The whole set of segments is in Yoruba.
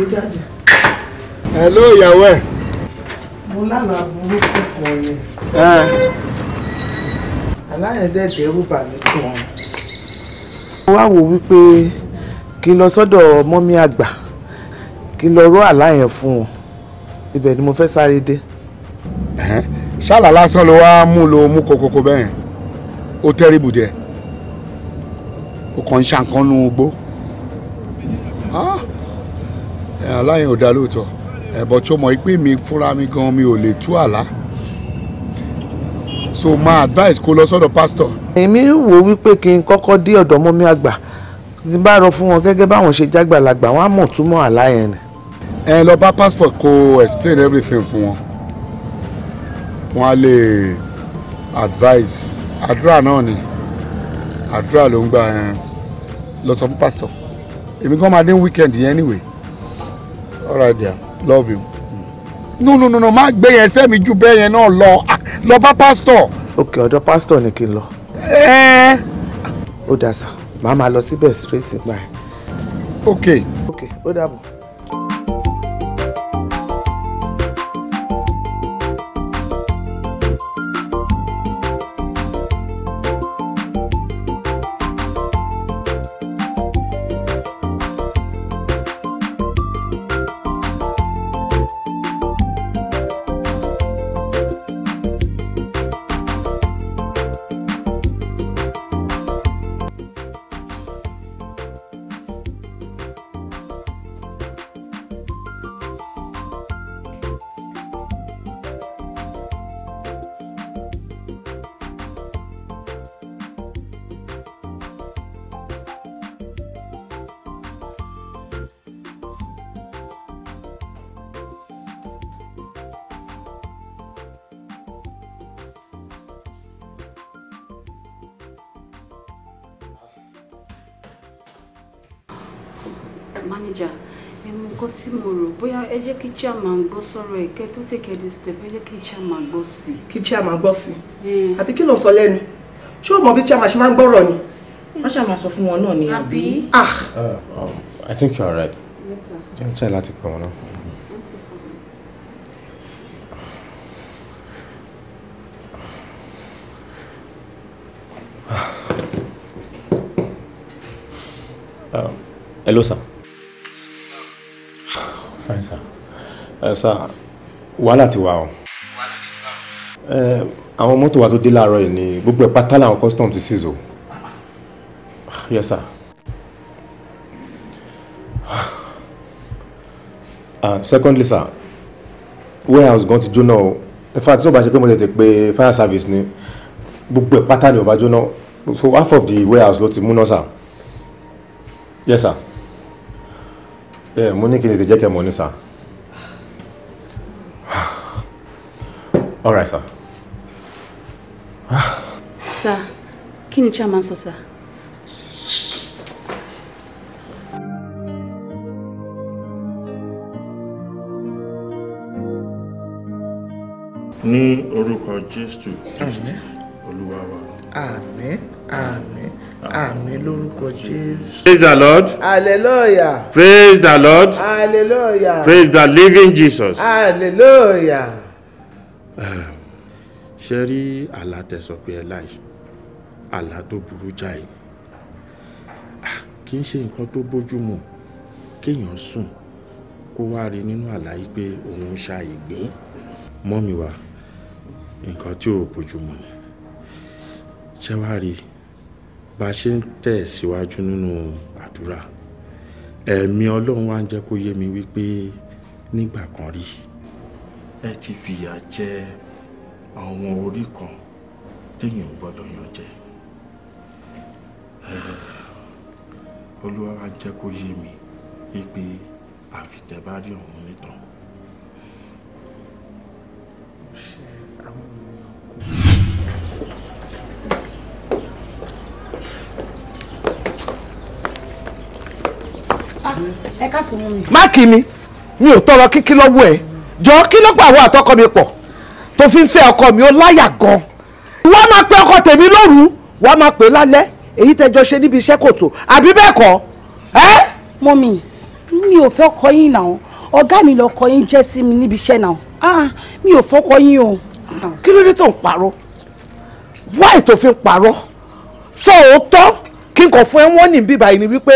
ló jàjà. hello ìyàwó ẹ̀. mo lálàá burúkú kan ni. aláyẹ̀dẹ̀ dẹ́rù bà mí kan. mo wá wò wípé kí n lọ sọ́dọ̀ mọ́mí àgbà kí n lọ rọ́ àlá yẹn fún wọn ibẹ̀ ni mo fẹ́ sáré dé. ṣálà lásán ló wá mú lo mú kokoko bẹ́ẹ̀ o tẹ́rìbù díẹ̀ ó kàn ń ṣàǹkan nu igbó. aláyẹn ò dá lóòótọ́ ẹ̀bọ̀ eh, tó mọ̀ mi fúnra mi gan mi ò lè tú àlá so my advice kó lọ sọ́dọ̀ pastor. èmi wò wípé kí n kọ́kọ́ dé ọ̀dọ̀ mọ́mí àgbà tí n bá rọ fún wọn gẹ́gẹ́ báwọn ṣe jágbàlagbà wọn á mọ̀ túmọ̀ àlá yẹn ni. ẹ lọ bá passport kó explain everything fún wọn wọn á lè advice àdúrà náà ni àdúrà ló ń gbà eh, lọ sọ fún pastor èmi gan máa dé weekend yẹn anyway all right dear love you. no no no no má gbé yẹn sẹ́mi ju bẹ́ẹ̀ yẹn náà lọ ah, lọ bá pásítọ̀. ok ọ̀dọ̀ pásítọ̀ ni kí n lọ. Eh. ó dà sir. màá máa lọ síbẹ̀ straight gbà Okay. Okay. ok ó dàbọ̀. manager nǹkan tí mo rò bóyá ẹ jẹ́ kí chairman gbọ́ sọ̀rọ̀ ẹ̀ tó tèkẹ́ di step ẹ jẹ́ kí chairman gbọ́ sí i. kí chairman gbọ́ sí i eh. àbí kí ló ń sọ lẹ́nu ṣé o mọ bí chairman ṣe máa ń gbọ́rọ̀ ni wọ́n ṣàmà sọ fún wọn náà ni àbí. Ah! Uh, um, I think you are right jẹ́ n láti pè wọ́n náà. Ah. Um, hello sir fine sir ẹ eh, sir wàhálà ti wà o eh, àwọn mọ́tò wa tó dé láàárọ̀ yìí ni gbogbo ẹ̀ pátá làwọn custom ti seize yes sir uh, secondly sir warehouse gan ti jóná o in fact tí o bá ṣe pé mo tètè pe fire service ni gbogbo ẹ̀ pátá ni ó bá jóná so half of the warehouse ló ti múná sir yes sir ẹ mo ní kí n tètè jẹ́ kẹ́ mọ̀ ní sà all right sir. sà kí ni chairman sọ sà. ní orúkọ jésù kristi olúwa wa. àmín àmín. Àmín lórúkọ Jésù. Praise the Lord. Hallelujah. Praise the Lord. Hallelujah. Praise the living Jesus. Hallelujah. Ehm, ṣé rí àlá tẹ̀sọ̀ pé ẹ láì? Àlá tó burú jáì. Ah, kì í ṣe nǹkan tó bójúmu kéèyàn sùn kó wá rí nínú àlá yìí pé òun ṣàìgbín. Mọ́mi wa, nǹkan tí ò bójúmu ni. Ṣé wá rí i? bá ṣe ń tẹ̀síwájú nínú àdúrà ẹ̀mí ọlọ́run wá ń jẹ́ kó yé mi wípé nígbà kan rí ẹ ti fìyà jẹ àwọn orí kan téèyàn ò gbọ́dọ̀ jẹ olúwa wá ń jẹ́ kó yé mi wípé àfitẹ́bárí ọ̀hún nìtàn ẹ ká sùn mú mi. má kì mí mi ò tọrọ kíkí lọ́wọ́ ẹ jọ kí ló gbà wọ àtọkọ mi pọ̀ tó fi ń fẹ́ ọkọ mi ó láyà gan wọ́n máa pe ọkọ tèmi lóru wọ́n máa pè lálẹ́ èyí tẹjọ ṣe níbi iṣẹ́ kò tó àbí bẹ́ẹ̀ kọ́ ẹ́. mọ́mì mi ò fẹ́ kọ yín náà ọ̀gá mi lọkọ yín jẹ́ sí mi níbi iṣẹ́ náà ah, mi ò fọ́kọ yín o. kí ló dé tó ń parọ́ wáì tó fi ń parọ́ sọ òótọ́ kí n kò fún ẹ wọ́n ní bíbá yìí ni wípé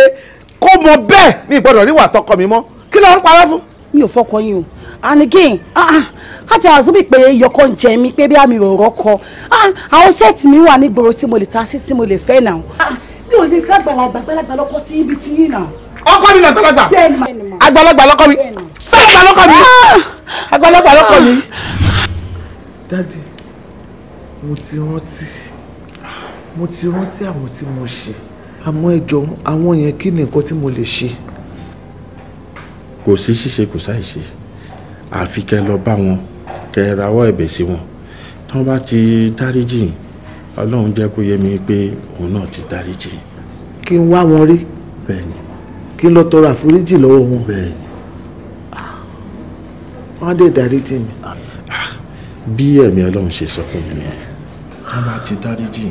kó mọ bẹ́ẹ̀ mi gbọ́dọ̀ ríwà tọkọ mi mọ́ kí ló ń parọ́ fún. mi ò fọkọ yín o and again ah, ah, káti àzúbì pé yọkọ ń jẹ mi pé bí àmì òrò kọ ah, àwọn sẹ́ẹ̀tì mi wà nígboro tí mo lè ta sí tí mo lè fẹ́ náà. mi ò lè fẹ́ àgbàlagbà àgbàlagbà lọ́kọ tí ibi tí yín náà. ọkọ mi náà tọ́lágbà àgbàlagbà lọ́kọ mi àgbàlagbà lọ́kọ mi àgbàlagbà lọ́kọ mi. dadi mo ti rántí mo ti rántí àwọn tí mo ṣe àmọ́ ẹ jọ̀ọ́ àwọn yẹn kí ni nǹkan tí mo lè ṣe. kò sí ṣíṣe kò sáì ṣe àfi kẹ lọ bá wọn kẹ rawọ́ ẹ̀bẹ̀ sí wọn tí wọn bá ti dáríjì Ọlọ́run jẹ́ kó yé mi pé òun náà ti dáríjì. kí n wá wọn rí. bẹ́ẹ̀ni. kí n lọ tọrọ àforíjì lọ́wọ́ wọn. bẹ́ẹ̀ni. wọn á dé dáríjì mi. Ah, bí ẹ̀mí Ọlọ́run ṣe sọ fún mi nìyẹn tí wọn bá ti dáríjì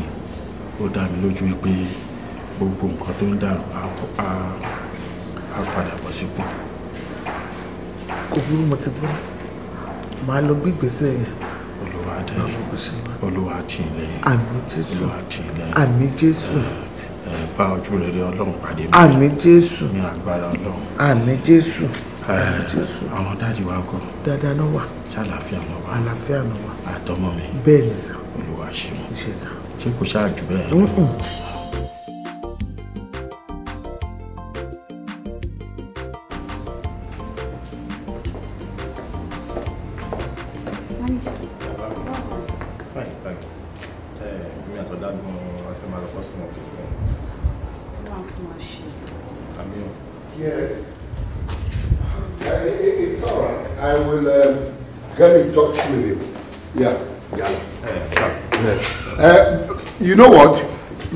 ó dá mi lójú pé gbogbo nǹkan tó ń dàrú á padà bọ̀ sípò. kò burú mo ti gbọ́ màá lọ gbé ìgbésẹ̀ yẹn. olúwa dé olúwa tì í lẹ́yìn àmì jésù olúwa tì í lẹ́yìn àmì jésù bá ojú rere ọlọ́run pàdé mi. àmì jésù ní agbára ọlọ́run. àmì jésù. àwọn dáàdi wa ń kọ. dáadáa náà wà. ṣàlàáfíà náà wà. àlàáfíà náà wà. àtọmọ mi. bẹ́ẹ̀ ni sà. olúwa ṣe mọ. ṣe sà. ṣé kò ṣáà jù bẹ́ẹ̀.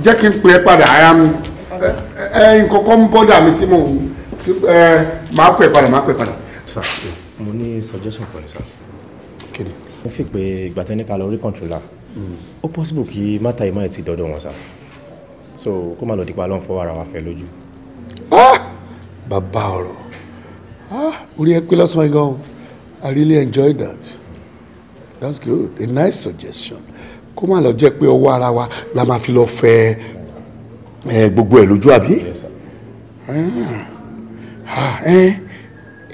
jẹ́ kí n pè é padà ara mi ẹ nǹkan kan ń bọ́dà mi tí mò ń máa pè padà máa pè padà. sir mo ní suggestion kan ní sir. kéde. mo fi pé ìgbà tẹ́ ní ká lọ rí controller ó possible kí mata ìmọ̀ ẹ̀ ti dọ́dọ̀ wọn sir so kó má lọ dípa lọ́n fọwọ́ ara wa fẹ́ lójú. Ah! bàbá ọ̀rọ̀ ah! orí ẹ pé lọ́sàn-án gan-an I really enjoyed that that's good a nice suggestion kó má lọ jẹ́ pé ọwọ́ ara wa la máa fi lọ fẹ gbogbo ẹ̀ lójú àbí. if ah, ah,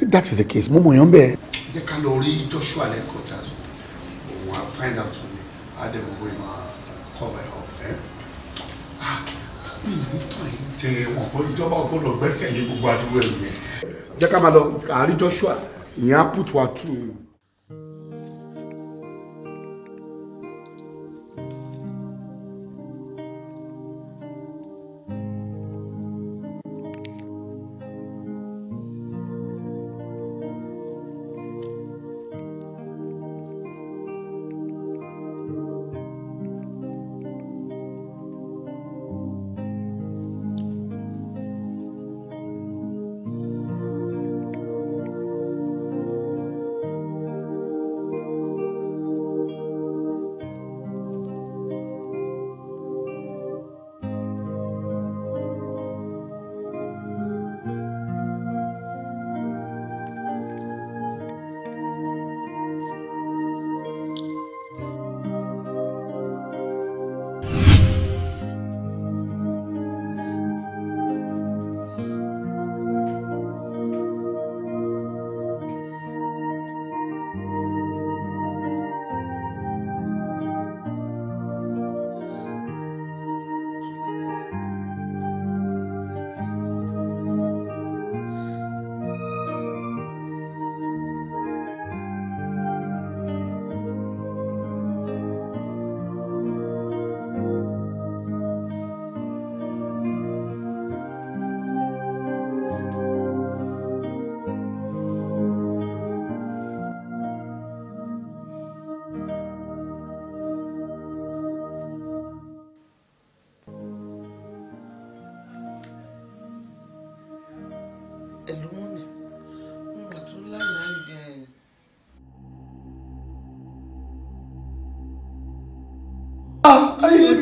that is the case mo mọ̀ yàn bẹ́ẹ̀. jẹ́ ká lọ rí Joshua lẹ́kọ̀ọ́tàs òun á find out for me á dẹ̀ mọ̀ bóyá máa up. Ah, mi ní tàn yín jẹ wọn kọ́ ìjọba ọgbọ́dọ̀ gbẹ́sẹ̀ lé gbogbo àdúgbò ẹ̀ yẹn. jẹ́ ká máa lọ àárí Joshua ìyẹn á put wa through.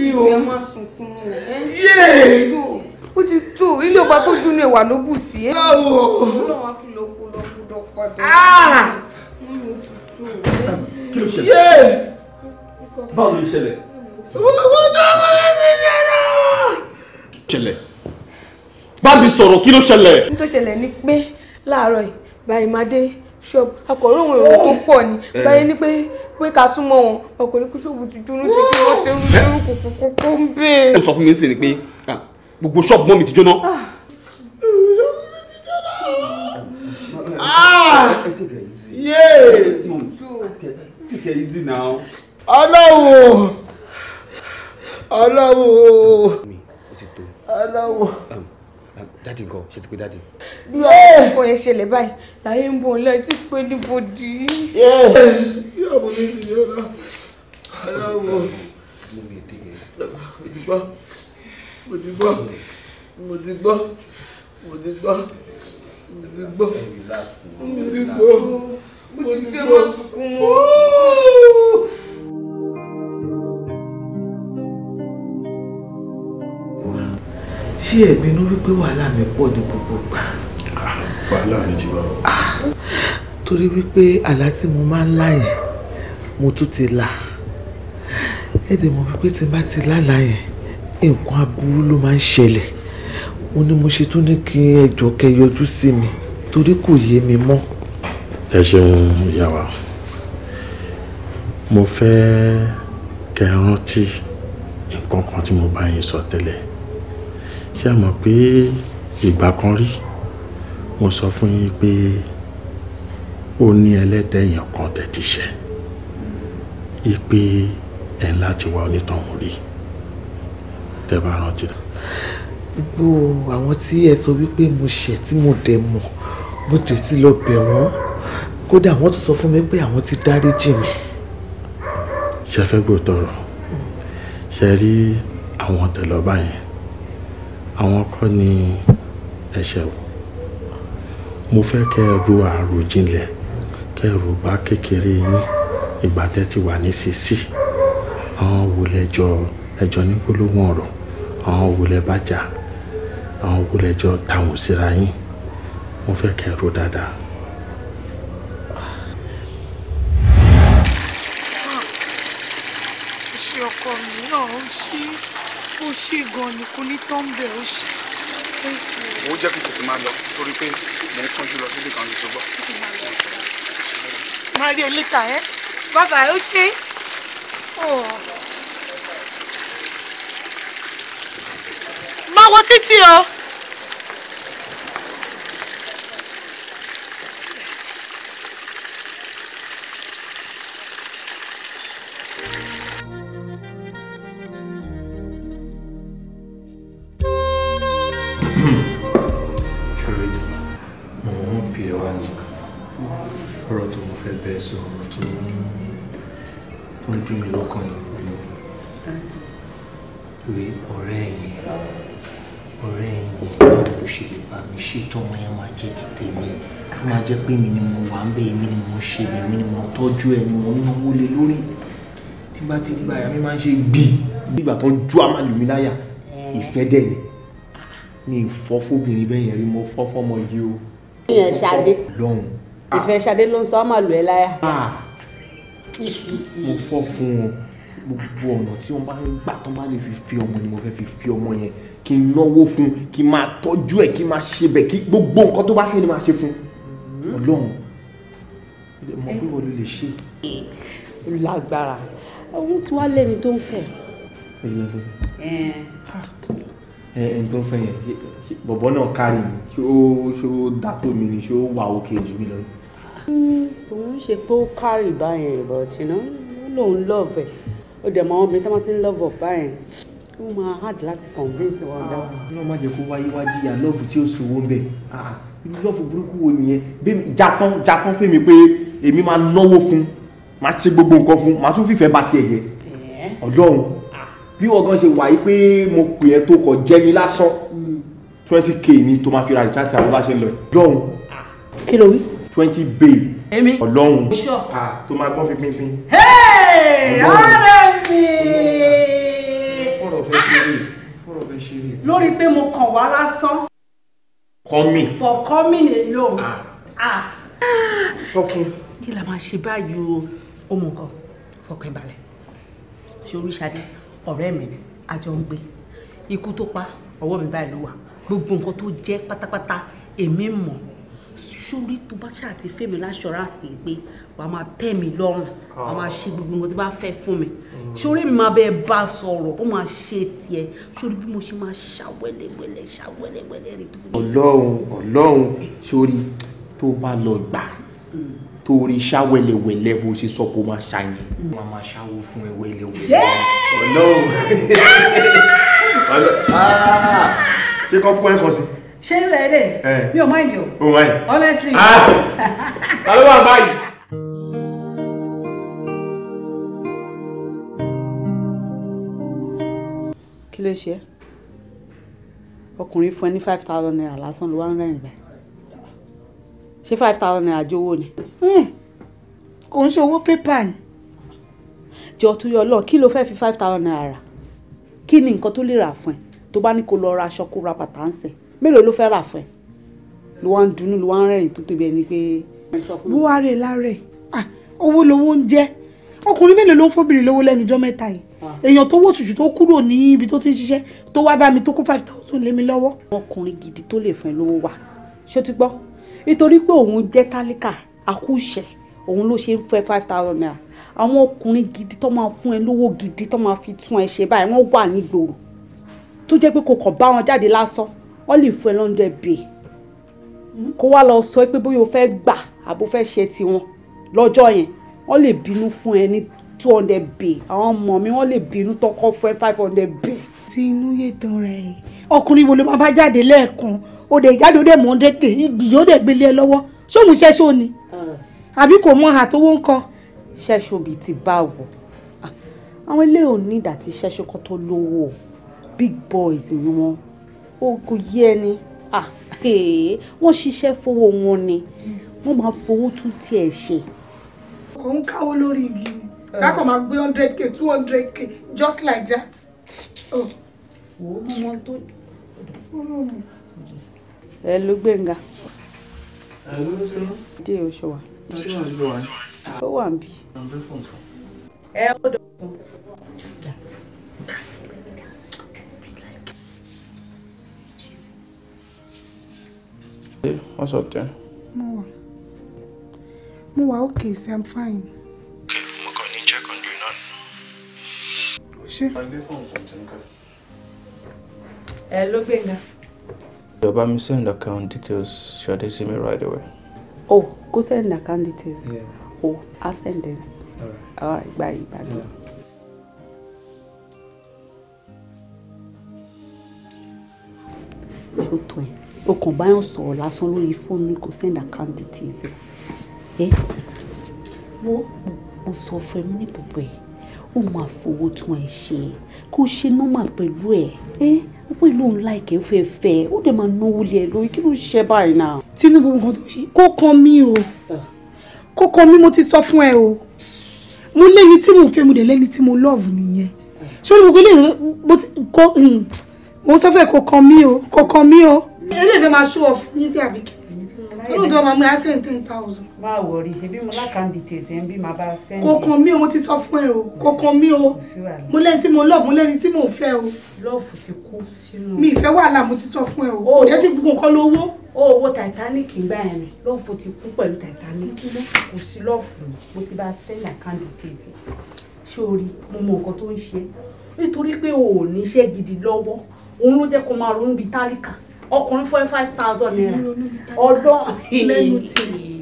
yìí o. ẹ má sunkún o. yéè. ó ti tó ilé ọba tó dún ní ẹwà ló bù sí. báwo. ọlọ́run á fi lọ kó lọ dọ́pọ̀ dọ́pọ̀. mo ti tó kí ló ṣẹlẹ̀. báwo ló ṣẹlẹ̀. wọ́n tó wọ́n mi yára. ṣẹlẹ̀ bá sọ̀rọ̀ kí ló ṣẹlẹ̀. n tó ṣẹlẹ̀ ni pé láàárọ̀ yìí báyìí máa dé ṣọ́ọ̀bù akọ̀ròyìn èrò tó pọ̀ ni eh. báyìí ni pé pé ká súnmọ́ wọn ọkùnrin kúṣọ́ọ̀bù ti jóná ti jóná tẹrù tẹrù kòkòkò ń bè. ó sọ fún mi sí ni pé ah, gbogbo ṣọ́ọ̀bù mọ́ mi ti jóná. Ah. Ah! Take it easy now. Ọlọ́wọ́ ọlọ́wọ́ ọlọ́wọ́ dáàdì nǹkan ṣe ti pé dáàdì. bí eh! ọkọ yẹn ṣẹlẹ̀ báyìí láyé ń bọ̀ ọ̀la ti pé níbo di. yóò mú mi ti yọ náà aláwọ̀ mo ti gbọ́ mo ti gbọ́ mo ti gbọ́ mo ti gbọ́ mo ti gbọ́ mo ti gbọ́ mo ti gbọ́. ṣé ẹ̀bínú wípé wàhálà mi pọ̀ ní gbogbo ìgbà. wàhálà mi ti wà. torí wípé àlá tí mo máa ń lá yẹn mo tún ti là ẹ dẹ̀ mọ̀ wípé tí n bá ti lálà yẹn nǹkan aburú ló máa ń ṣẹlẹ̀ mo ní mo ṣe tún ní kí ẹjọ́ kẹ́ yọjú sí mi torí kò yé mi mọ́. ẹ ṣeun ìyá wa mo fẹ́ kẹ́ rántí nǹkan kan tí mo bá yín sọ tẹ́lẹ̀ ṣé ẹ mọ̀ pé ìgbà kan rí mo sọ fún yín pé ó ní ẹlẹ́dẹ̀ yẹn kan tẹ̀ ti ṣẹ́ ipe ẹ̀ ńlá ti wá onítọ̀hún rí tẹ́ bá rántí. gbogbo àwọn tí ẹ sọ wípé mo ṣẹ̀ tí mo dẹ̀ mọ̀ mo tẹ̀ ti lọ bẹ̀ wọ́n kódà wọ́n tún sọ fún mi pé àwọn ti dáríjì mi. ṣe fẹ́ gbòòtọ̀ rọ̀ mm. ṣe rí àwọn tẹ̀lọ́bà yẹn àwọn kọ́ ni ẹ̀ṣẹ̀ o mo fẹ́ kẹ́ ẹ ro àròjinlẹ̀ kẹ́ ẹ ro bá kékeré yín ìgbà tẹ́ ti wà ní sísì àwọn wo lẹjọ ẹjọ ní gbólóhùn ọ̀rọ̀ àwọn wo lẹ bá jà àwọn wo lẹjọ tàwọn síra yín mo fẹ́ kẹ́ ẹ ro dáadáa. ọkọ mi náà ń ṣí ó ṣe gan ni kò ní tán bẹ̀ ó ṣe. owó jẹ́ kí tètè máa lọ torí pé mo ń kánjú lọ síbi kan ṣoṣo gbọ́. máa rí ẹ ẹ bàbá ó ṣe máa wọ títí o. pé mi ni mo wà ń bẹ mi ni mo ṣe bẹ ni mo tọ́jú ẹ ni mo náwó lé lórí tí bá ti gbà mí máa ń ṣe gbì nígbà tó ju amálùmí láyà mm. ìfẹ́ dẹ̀ ni mi fọ́ fóbìnrin bẹ́ẹ̀ yẹn rí mo fọ́ fọ́mọ yìí o. ìyẹn ṣadé lọ́hùn. ìfẹ́ ṣadé ló ń sọ amálù ẹ láyà. Ah. mo fọ́ fún wọn gbogbo ọ̀nà tí wọ́n bá ń gbà tán bá lè fi fi ọmọ ni mo fẹ́ fi fi ọmọ yẹn kí n náwó fún kí n máa tọ́jú ẹ̀ kí n máa ṣe bẹ̀ kí gbogbo nǹkan tó bá fẹ́ ni máa ṣe fún un ọlọ́run mọ̀ pé wọ́n ló lè ṣe. lágbára ohun tí wàá lẹ́ni tó ń fẹ́. ẹ ẹ tó ń fẹ́ yẹn bọ̀bọ̀ náà kárí mi ṣé ó ṣé ó dá tó mi ni ṣé ó wà òkè jù mí lọ. òun ṣe pé ó kárì báyẹn but you know ó love ẹ ó dẹ̀ mọ àwọn obìnrin tí wọ́n ti ń love ọ̀ báyẹn ó máa hard láti convince wọn dáwọ́. Ah, ọlọ́run má jẹ́ kó wáyé wá jìyà lọ́ọ̀fù tí ó sòwò ń bẹ̀. Ah, lọ́ọ̀fù burúkú wo nìyẹn bí jatán jatán fún mi pé èmi máa náwó fún máa ṣe gbogbo nǹkan fún máa tún fìfẹ́ bá tiẹ̀ jẹ ọlọ́run ah. bí wọ́n gan ṣe wà yí pé mo pè ẹ́ tó kọ̀ jẹ́ lásán twenty k ni tó máa fi ra recharge àwọn bá ṣe ń lọ ọlọ́run. Ah. twenty b èmi ọlọ́run ah, tó máa gbọ́n pínpín. ọ̀rẹ́ mi. lórí pé mo kàn wá lásán coming. for coming alone. ah. ah. sọ fún. kí la máa ṣe báyìí o ọmọ nǹkan fọkàn balẹ̀ ṣoríṣadé ọ̀rẹ́ mi ni ń gbé ikú tó pa ọwọ́ mi báyìí ló wà gbogbo nǹkan tó jẹ́ pátápátá èmi mọ̀ sórí tó bá ṣáà ti fẹ́mi láṣọra sí i pé wà á máa tẹ́ mi lọ́rùn wà á ah. máa ṣe gbogbo nǹkan tí bá fẹ́ fún mi ṣorí mi máa bẹ́ẹ̀ bá sọ̀rọ̀ ó máa ṣe tiẹ̀ ṣorí bí mo ṣe máa ṣàwẹ́lẹ́wẹ́lẹ́ ṣàwẹ́lẹ́wẹ́lẹ́ rẹ̀ tó fi. ọlọ́run ọlọ́run ṣorí tó bá lọ gbà mm. torí ṣáwẹ́lẹ́wẹ́lẹ́ bó ṣe sọ kó máa ṣàyẹn. Mm. wọ́n máa ṣáwó fún ẹ wẹ́lẹ́wẹ́lẹ́. ọlọ́run ah! ṣé kọ́ fún ẹ kàn sí. ṣé ń lẹ́lẹ̀ eh. mi ò máa ń yọ. o máa ń. honestly. Ah! ta ló wà báyìí. kí ló ṣe ọkùnrin fún ẹ ní five thousand naira lásán ló wá ń rẹ́rìn báyìí ṣé five thousand naira jẹ́ owó ni. Hmm. kò ń ṣe owó pépà ni. jọ tó yọ lọ kí ló fẹ́ fi five thousand naira rà kí ni nǹkan tó lè rà fún ẹ tó bá ní kó lọ ra aṣọ kó ra bàtà ń sẹ mélòó ló fẹ́ rà fún ẹ ló wá ń dunnú ló wá ń rẹ́rìn tó tóbi ẹni pé. wọ́n lára ẹ̀ ah, owó lowó ń jẹ́ ọkùnrin mélòó ló ń fọ́bìnrin lówó lẹ́nu ọjọ́ mẹ́ta yìí ah. èèyàn tó wò tùtù tó kúrò ní ibi tó ti ń ṣiṣẹ́ tó wá bá mi tó kó five thousand lé mi lọ́wọ́. ọkùnrin gidi tó lè fún ẹ lówó wà ṣó ti gbọ́ nítorí pé òun jẹ́ tálíkà àkúṣe òun ló ṣe ń fún ẹ five thousand naira àwọn ọkùnrin gidi tó máa fún ẹ lówó gidi tó máa fi tún ẹ ṣe báyìí wọ́n wà nígboro tó jẹ́ pé kò kàn bá wọn jáde lásán wọ́n lè fún ẹ lọ́ndọ̀ ẹ̀bẹ̀ hmm? kó wá lọ sọ pé bóyá o fẹ́ gbà àbó fẹ́ ṣe tiwọn lọ́jọ́ yẹn wọ́n lè bínú fún ẹ ní two hundred bay àwọn ọmọ mi wọ́n lè bínú tọkọ fún ẹ five hundred bay. tí inú yé tán rẹ yìí ọkùnrin wo ló máa bá jáde lẹ́ẹ̀kan ó dẹ̀ ìjáde ó dẹ̀ mọ́ ọ́n dẹ́gbẹ̀ igi ó dẹ̀ gbélé ẹ lọ́wọ́ sóhun ṣẹ́ṣọ́ ni àbí kò mọ àtọwọ́ ń kọ. ṣẹ́ṣọ́ bíi ti báwo àwọn ilé ò ní ìdá tí ṣẹ́ṣọ́ kan tó lówó big boys ni wọ́n ó kò yé ẹni wọ́n ṣiṣẹ́ fowó wọn ni wọ́n máa fowó tún tiẹ̀ ṣe kàn ń káwó lórí igi ni kákan máa gbé hundred k two hundred k just like that. Oh. ẹ ló gbẹ̀ngà. ẹ ló ti rán. ó wà ń bí. ẹ ó dọ̀ fún. What's up there? More mo wà okay sir i'm fine. okay mo kàn ní check on you náà. o ṣe. ẹ ló gbẹ̀ngà. ìjọba mi send account details ṣọdẹ sí mi right away. oh go send account details. Yeah. oh i'll send them. all right all right bye bye. Yeah. ó tó ẹ o kàn báyọ̀ sọ̀rọ̀ lásán lórí fóònù kò send account details ẹ̀ wo mo sọ fún ẹ mo ní bùbẹ̀ ó máa fowó tún ẹ ṣe kó ṣe nọ́mà pẹ̀lú ẹ ó pè lóun láìkẹ́ ó fẹ́ fẹ́ ó dẹ̀ máa náwó lé ẹ lórí kí ló ṣe báyìí náà. Tinubu nǹkan tó ṣe kó kan mí o ah. kó kan mí mo ti sọ fún ẹ o mo lẹ́ni tí mo fẹ́ mo dẹ̀ lẹ́ni tí mo lọ́ọ̀vù nìyẹn ah. ṣé olùkọ́ ilé mo hmm, mo sọ fún ẹ kó kan mí o kó kan mí o. eléyìí fẹ́ máa ṣó ọ fún yín sí àbíkẹ́ olóòótọ́ máa mú ẹ á sẹ́yìn ten thousand má wọrí ṣe bí mo lákàndì tètè ń bí màá bá sẹ́ńdì. kò kàn mí o mo ti sọ fún ẹ o kò kàn o mo lẹ́ni tí mo lọ́ọ̀fù mo lẹ́ni tí mo fẹ́ o. lọ́ọ̀fù ti kú sínú. mi ìfẹ́ wàhálà mo ti sọ fún ẹ o oh. kò dé sí gbogbo nǹkan lówó. o oh, wo Titanic gbà yẹn ni lọ́ọ̀fù ti kú pẹ̀lú Titanic kò sí lọ́ọ̀fù mo ti bá sẹ́ńdì àkàndì tètè sórí mo mọ nǹkan tó ń ṣe nítorí pé o ò níṣẹ́ gidi lọ́wọ́ òun ló jẹ́ kó máa ronú bíi tálíkà ọkùnrin fún ẹ five thousand naira ọdún lẹ́nu tì í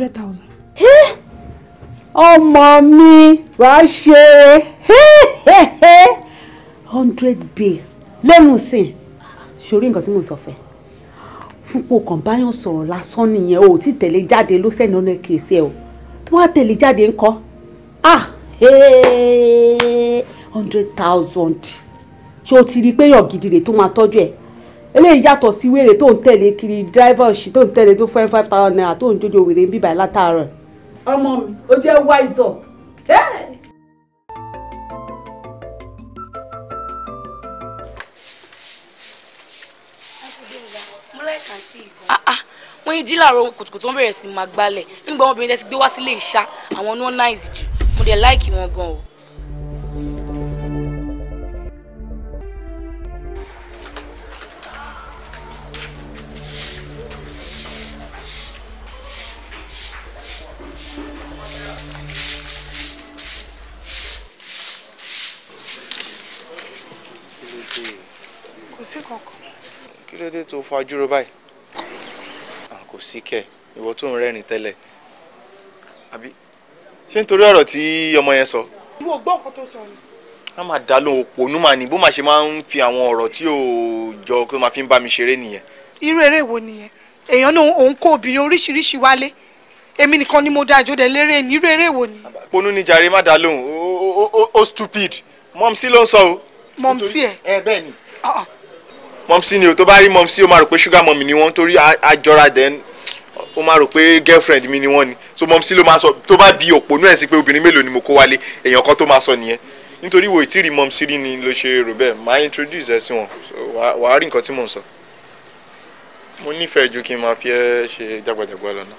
hundred thousand. ọmọ mi wàá ṣe hundred bill lẹ́nu sìn sórí nǹkan tí mo sọ fẹ́ fúnpọ̀ kan báyọ̀ sọ̀rọ̀ lásán nìyẹn o tí tẹ̀lé jáde ló sẹ́ni ọ̀nà kèsì ẹ̀ o tó wá tẹ̀lé jáde ńkọ́ ah hundred thousand ṣé o ti rí i pé yọ̀ gidi rè tó máa tọ́jú ẹ̀ eléyìí yàtọ̀ sí wèrè tó ń tẹ̀lé kiri dírẹ́fà òsì tó ń tẹ̀lé tó fẹ́ five thousand naira tó ń jójo wèrè ń bíbà látàárọ̀. ọmọ mi ó jẹ́ wise up. wọ́n yí jí láàárọ̀ kùtùkùtù wọ́n bẹ̀rẹ̀ sí máa gbalẹ̀ nígbà wọn obìnrin tẹ́sí gbé wá sílé ìṣá àwọn ní wọ́n náà ìzìjú mo dẹ̀ láìkì wọn gan o. sí kankan. kí ló dé tó fajúro báyìí kò sí kẹ ìwọ tó ń rẹ́rìn tẹ́lẹ̀ àbí ṣé nítorí ọ̀rọ̀ tí ọmọ yẹn sọ. ìwọ gbọ́ nǹkan tó sọ ni. a máa dá lóhùn òpònú mà ní bó máa ṣe máa ń fi àwọn ọ̀rọ̀ tí ò jọ kó máa fi ń bá mi ṣeré nìyẹn. irú eré wo nìyẹn èèyàn ní òun kó obìnrin oríṣiríṣi wálé èmi nìkan ni mo da àjọdẹ lérè ní irú eré wo ni. ponú ni jàre má dá lóhùn ó stupid mọ́mísí ló ń sọ o. mọ́mísí ẹ̀. ẹ bẹ́ẹ̀ ni. Ah, ah mọ̀mísí ni o tó bá rí mọ̀mísí o máa rò pé ṣúgà mọ̀mí ni wọ́n torí àjọra then o máa rò pé girlfriend mi ni wọ́n ni so mọ̀mísí ló máa sọ tó bá bi òpònú ẹ̀ sí pé obìnrin mélòó ni mo kó wálé èèyàn kan tó máa sọ nìyẹn nítorí wo ìtì rí mọ̀mísí rí ni ló ṣe rò bẹ́ẹ̀ máa introduce ẹ sí wọn wàá rí nǹkan tí mò ń sọ mo nífẹ̀ẹ́ ju kí n máa fi ẹ́ ṣe jágbàjàgbà lọ́nà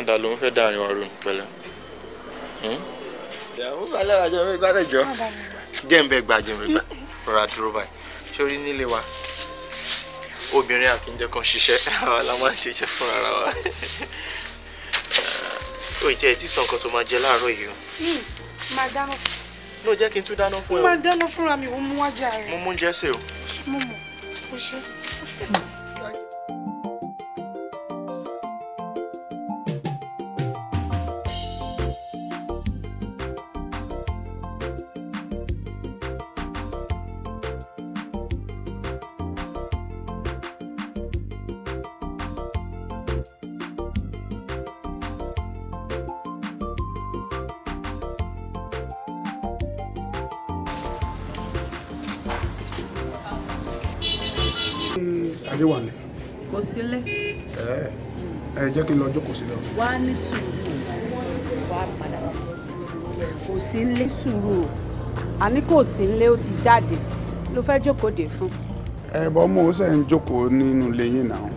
àdá ló ń fẹ́ dá àyàn àrùn pẹ̀lẹ́. Hmm? ìyàwó balẹ̀ wàjọ mi gbàdẹ̀jọ́. jẹ́ ń bẹ gbà gbà rọra dúró báyìí sórí nílé wa obìnrin àkínjọ kan ṣiṣẹ́ àwa la máa ń ṣiṣẹ́ fúnra ra wa ó ì jẹ́ ẹ tí sọ nǹkan tó máa jẹ láàárọ̀ yìí o. Hmm, máa dáná fún mi. jẹ́ kí n tún dáná fún ẹ o. máa dáná fúnra mi ò mú wájà rẹ. mo mú oúnjẹ sè o. mo mọ̀ o ṣe. sílẹ̀. ẹ jẹ́ kí n lọ jókòó sílẹ̀. wá ní sùúrù wá padà wá kò sí nílé sùúrù o àní kò sí nílé ó ti jáde ló fẹ́ jókòó dè fún. ẹ bọ mo ṣe ń jókòó nínú ilé yín náà.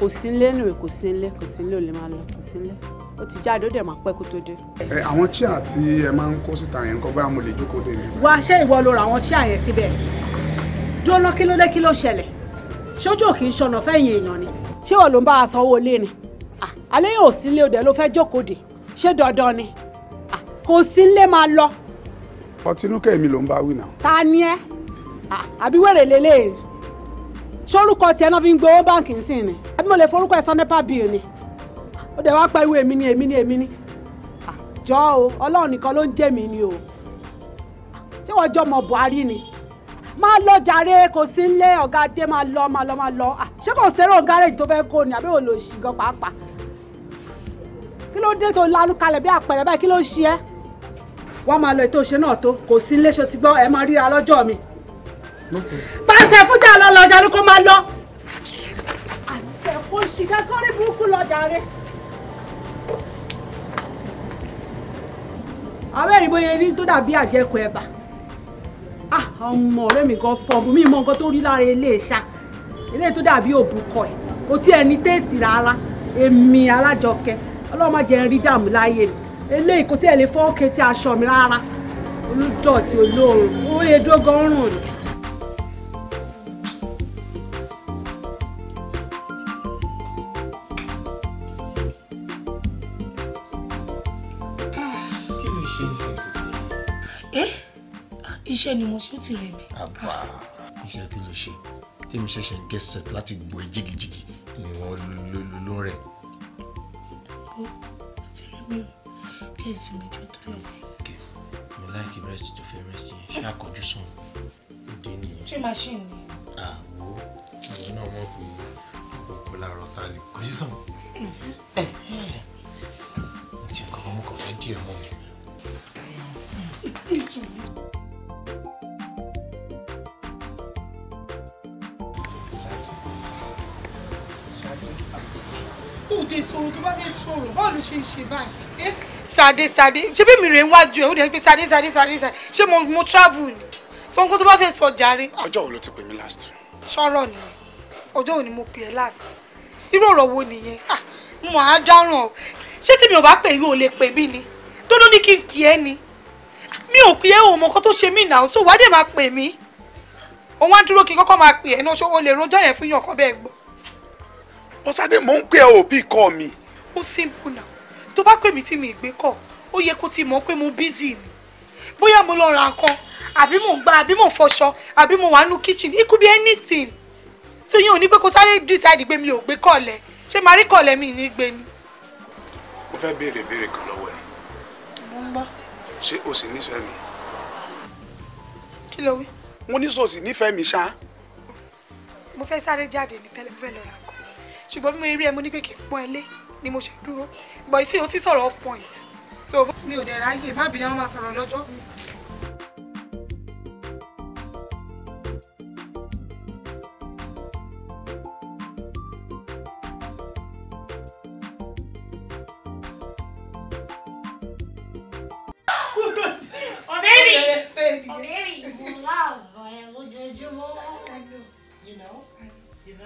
kò sí nílé nù kò sí nílé kò sí nílé ò lè máa lọ kò sí nílé ó ti jáde ó dẹ̀ máa pẹ́ kó tó dé. ẹ àwọn chíà tí ẹ máa ń kó síta yẹn kọ́ báyà mo lè jókòó dè. wá ṣé ìwọ lo àwọn chíà yẹn síbẹ̀ jóná kí ló dé kí ló ṣẹlẹ̀ ṣojú ò kì í ṣọnà fẹ́yìn èèyàn ni ṣé wọn ló ń bá a sanwó ilé ni ah. alẹ́ yóò sí ilé òde ló fẹ́ jókòó dè ṣé dandan ni ah. kò sí ilé máa lọ. Ọtinúkẹ́ mi ló ń bá wí náà. ta ni ẹ ah, àbí wèrè lélẹ́yìn sórúkọ tiẹ̀ náà fi ń gbowó báǹkì ń sìn ni àbí mo lè forúkọ ẹ̀ sanepa bill ni ó dẹ̀ wá pariwo èmi ni èmi ni èmi ni jọ o ọlọ́run nìkan ló ń jẹ́ mi ni o ṣé wọ́n jọ mọ Buhari ni máa lọ jàre kò sí nílé ọ̀gá adé máa lọ máa lọ máa lọ ṣé kò sẹ́rọ̀ gárẹ́jì tó fẹ́ kó ni àbí òun lò sí gan pàápàá kí ló dé tó lanu kalẹ̀ bí àpẹẹrẹ báyìí kí ló ṣe ẹ́ wọ́n máa lọ ètò ìṣe náà tó kò sí nílé ṣe ti gbọ́ ẹ máa ríra lọ́jọ́ mi pàṣẹ fújà lọ lọ jàre kó máa lọ àṣẹ sì kankan rí burúkú lọ jàre. àwọn èrìbó yẹn ní tó dàbí àjẹkù ẹ̀bà. Ah, ọmọ ọ̀rẹ́ mi gan fọ ọ̀bùn mi mọ nǹkan tó rí lára ilé ìṣá ilé tó dàbí òbúkọ ẹ̀ kò tí ẹni téèsì rárá èmi alájọkẹ́ ọlọ́run má jẹ́ ń rí dààmú láyé mi eléyìí kò tí ẹ lè fọ́ kétí aṣọ mi rárá olùdọ̀tí olóòrùn ó yẹ dógó ń rùn ni. iṣẹ́ ni mo ṣe ó ti rẹ̀ mí. àbá iṣẹ́ kí ló ṣe tí mo ṣẹ̀ṣẹ̀ ń get set láti gbọ́ ẹ jìgìjìgì ìwọ̀n ló ń rẹ̀. ó ti rẹ̀ mí o kí n sì méjì torí ọ̀gá yìí. mi láìkí rest tó fẹ́ rest yẹn ṣé àkọ́jú sùn ìdí nìyẹn. ṣé machine ni. àwo ìwọ náà mọ̀ pé òkú làárọ̀ ta lè kọjú sàn. ti nǹkan kan mú kàn fẹ́ díẹ̀ mọ́ mi. ní sùúrù dé sọ̀rọ̀ tó bá fẹ́ sọ̀rọ̀ báwo ló ṣe ń ṣe báyìí. sade sade ṣé bí mi rè ń wájú ẹ ó dẹ̀ pé sade sade sade sade ṣé mo mo travel ni sọ nǹkan tó bá fẹ́ sọ jàre. ọjọ́ wo ló ti pè mí last. sọ̀rọ̀ nìyẹn ọjọ́ wo ni mo pè ẹ́ last irú ọ̀rọ̀ wo nìyẹn ah, mo á dáràn o ṣé tí mi ò bá pè mí ò lè pè mí ni dandan ni kí n pè ẹ́ ni mi ò pè ẹ́ o mọ̀ nǹkan tó ṣe mí náà tó wàá dẹ̀ máa pè mí òun á dúró kí n kọ́kọ́ máa pè ẹ́ náà ṣó o lè rojọ́ yẹn fún yàn kọ́ bẹ́ẹ̀ gbọ́ ọ̀sádé mò ń pè ọ́ òbí kọ́ mi. ó simple náà tó bá pè mí tí mi ìgbé kọ ó yẹ kó ti mọ̀ pé mo busy ni bóyá mo lọ ra nǹkan àbí mo gbá àbí mo fọṣọ àbí mo wà nínú kitchen it could be anything so yín ò ní pé kó sáré decide pé mi ò gbé kọ̀ọ̀lẹ̀ ṣé màá rí kọ̀ọ̀lẹ̀ mi ní gbé ni. mo fẹ́ béèrè béèrè kan lọ́wọ́ ẹ̀. mo ń bọ́. ṣé o sì nífẹ̀ẹ́ mi. kí ló wí. mo ní sọ nífẹ̀ẹ́ mi ṣá. mo fẹ́ sáré jáde ní tẹ́lẹ̀ mo ṣùgbọ́n bí mo rí ẹ mo ní pé kí n pọ́n ẹ ni mo ṣe dúró but ìsìn o ti sọ̀rọ̀ off point so. mi ò dẹ̀ ráyè má bìnrin àwọn máa sọ̀rọ̀ lọ́jọ́.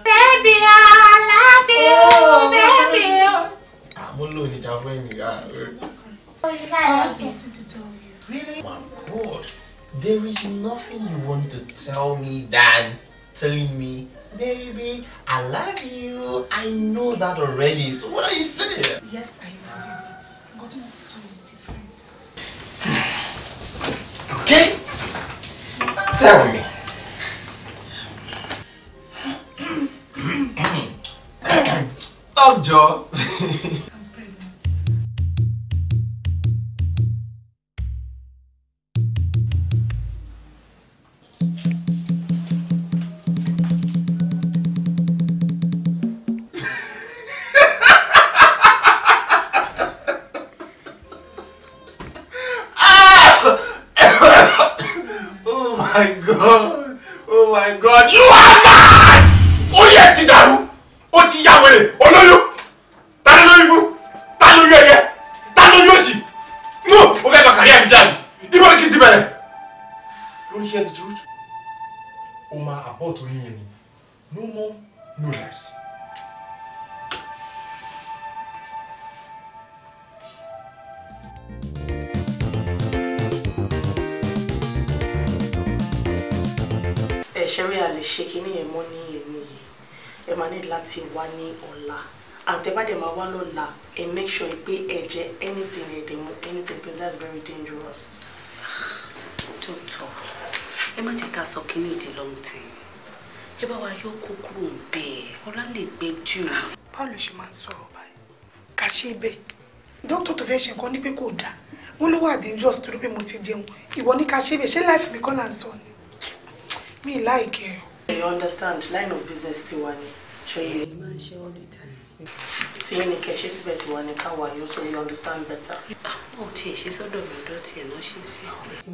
Baby, I have something to tell you. Really? Oh my God, there is nothing you want to tell me than telling me, baby, I love you. I know that already. So what are you saying? Yes, I love you, but God knows is different. Okay. Tell me. Ọjọ́. fẹ́ ṣe nǹkan ní pé kò dáa wọ́n ló wà dangerous torí pé mo ti jẹun ìwọ ní ká ṣe bẹ́ẹ̀ ṣé life mi kọ́ sọ ni mi láìkẹ́ o. you understand line of business ti wà ní ṣọyẹ. èyí ṣe all the time. tí yín ni kẹ ṣe síbẹ̀ tí wọ́n ní ká wà yóò so you understand better. àwọn ah, ò tiẹ̀ ṣe sọ́dọ̀ mi ọ̀dọ́ tiẹ̀ náà ṣe sí. Ah,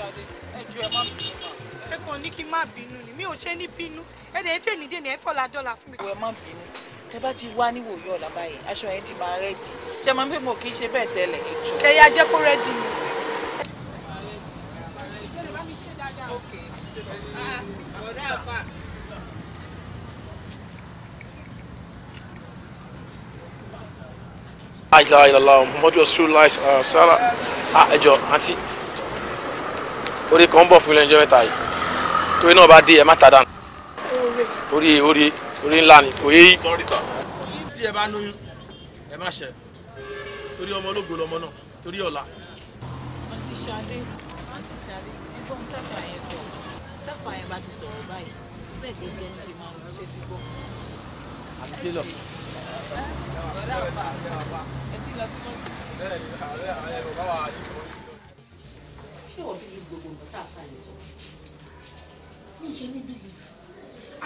jàre ẹjọ́ ẹ má bínú mà. ẹ kàn ní kí n má bínú ni mi ò ṣe ní bínú ẹ dẹ̀ fẹ́ ní dènà ẹ fọ̀lá dọ́là fún mi. ẹ má bínú tẹ bá ti wá ní wòye ọ̀la báyìí aṣọ yẹn ti máa rẹ́ẹ̀dì ṣé máa ń pè mọ́ kí n ṣe bẹ́ẹ̀ tẹ́lẹ̀ ẹjọ́. kẹyà jẹ́ kó rẹ́ẹ̀dì ni. ọ̀rẹ́ àfà. àìlà ìlàlà láìsàn sára ẹjọ́ àǹtí orí kan ń bọ̀ fún ilé ẹjọ́ mẹ́ta yìí torí náà bá dé ẹ má ta dànù orí orí orí ńlá ni kò yé yí. tí ẹ bá lóyún ẹ má ṣe torí ọmọ ológo lọmọ náà torí ọ̀la. àǹtí Ṣadé àǹtí Ṣadé ẹjọ́ ń tàfà yẹn sọ tàfà yẹn bá ti sọ̀rọ̀ báyìí bẹ́ẹ̀ gẹ́gẹ́ ní ṣe máa ṣe ti gbọ́. àbí tẹ́lọ̀. ọ̀rẹ́ ẹ ti lọ sí mọ́tò. bẹ́ẹ̀ ni ààrẹ ààrẹ bàbá wa yìí kọ́ ṣé wọ́n bílí gbogbo nǹkan tá a fà lè sọ. mi ṣe ní bílí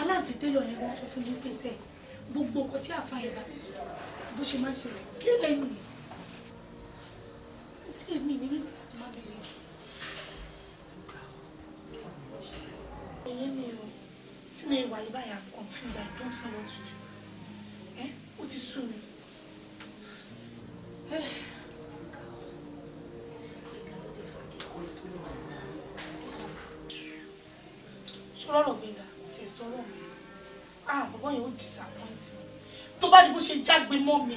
aláǹtí tẹ́lọ̀ yẹn wọ́n sọ fún mi pèsè gbogbo nǹkan tí àfa yẹn bá ti sọ bó ṣe máa ń ṣẹlẹ̀ kí lẹ́yìn yẹn bílẹ̀ mi ní rìsì láti má bílẹ̀ ẹ̀yẹ́ mi o tí mi wà yìí báyà confused I don't know what to do ẹ́ ó ti sú mi. sọ̀rọ̀ mi tẹ̀ sọ̀rọ̀ mi ah bàbá yẹn ó disappoint me, tó bá di bó ṣe jágbe mọ́ mi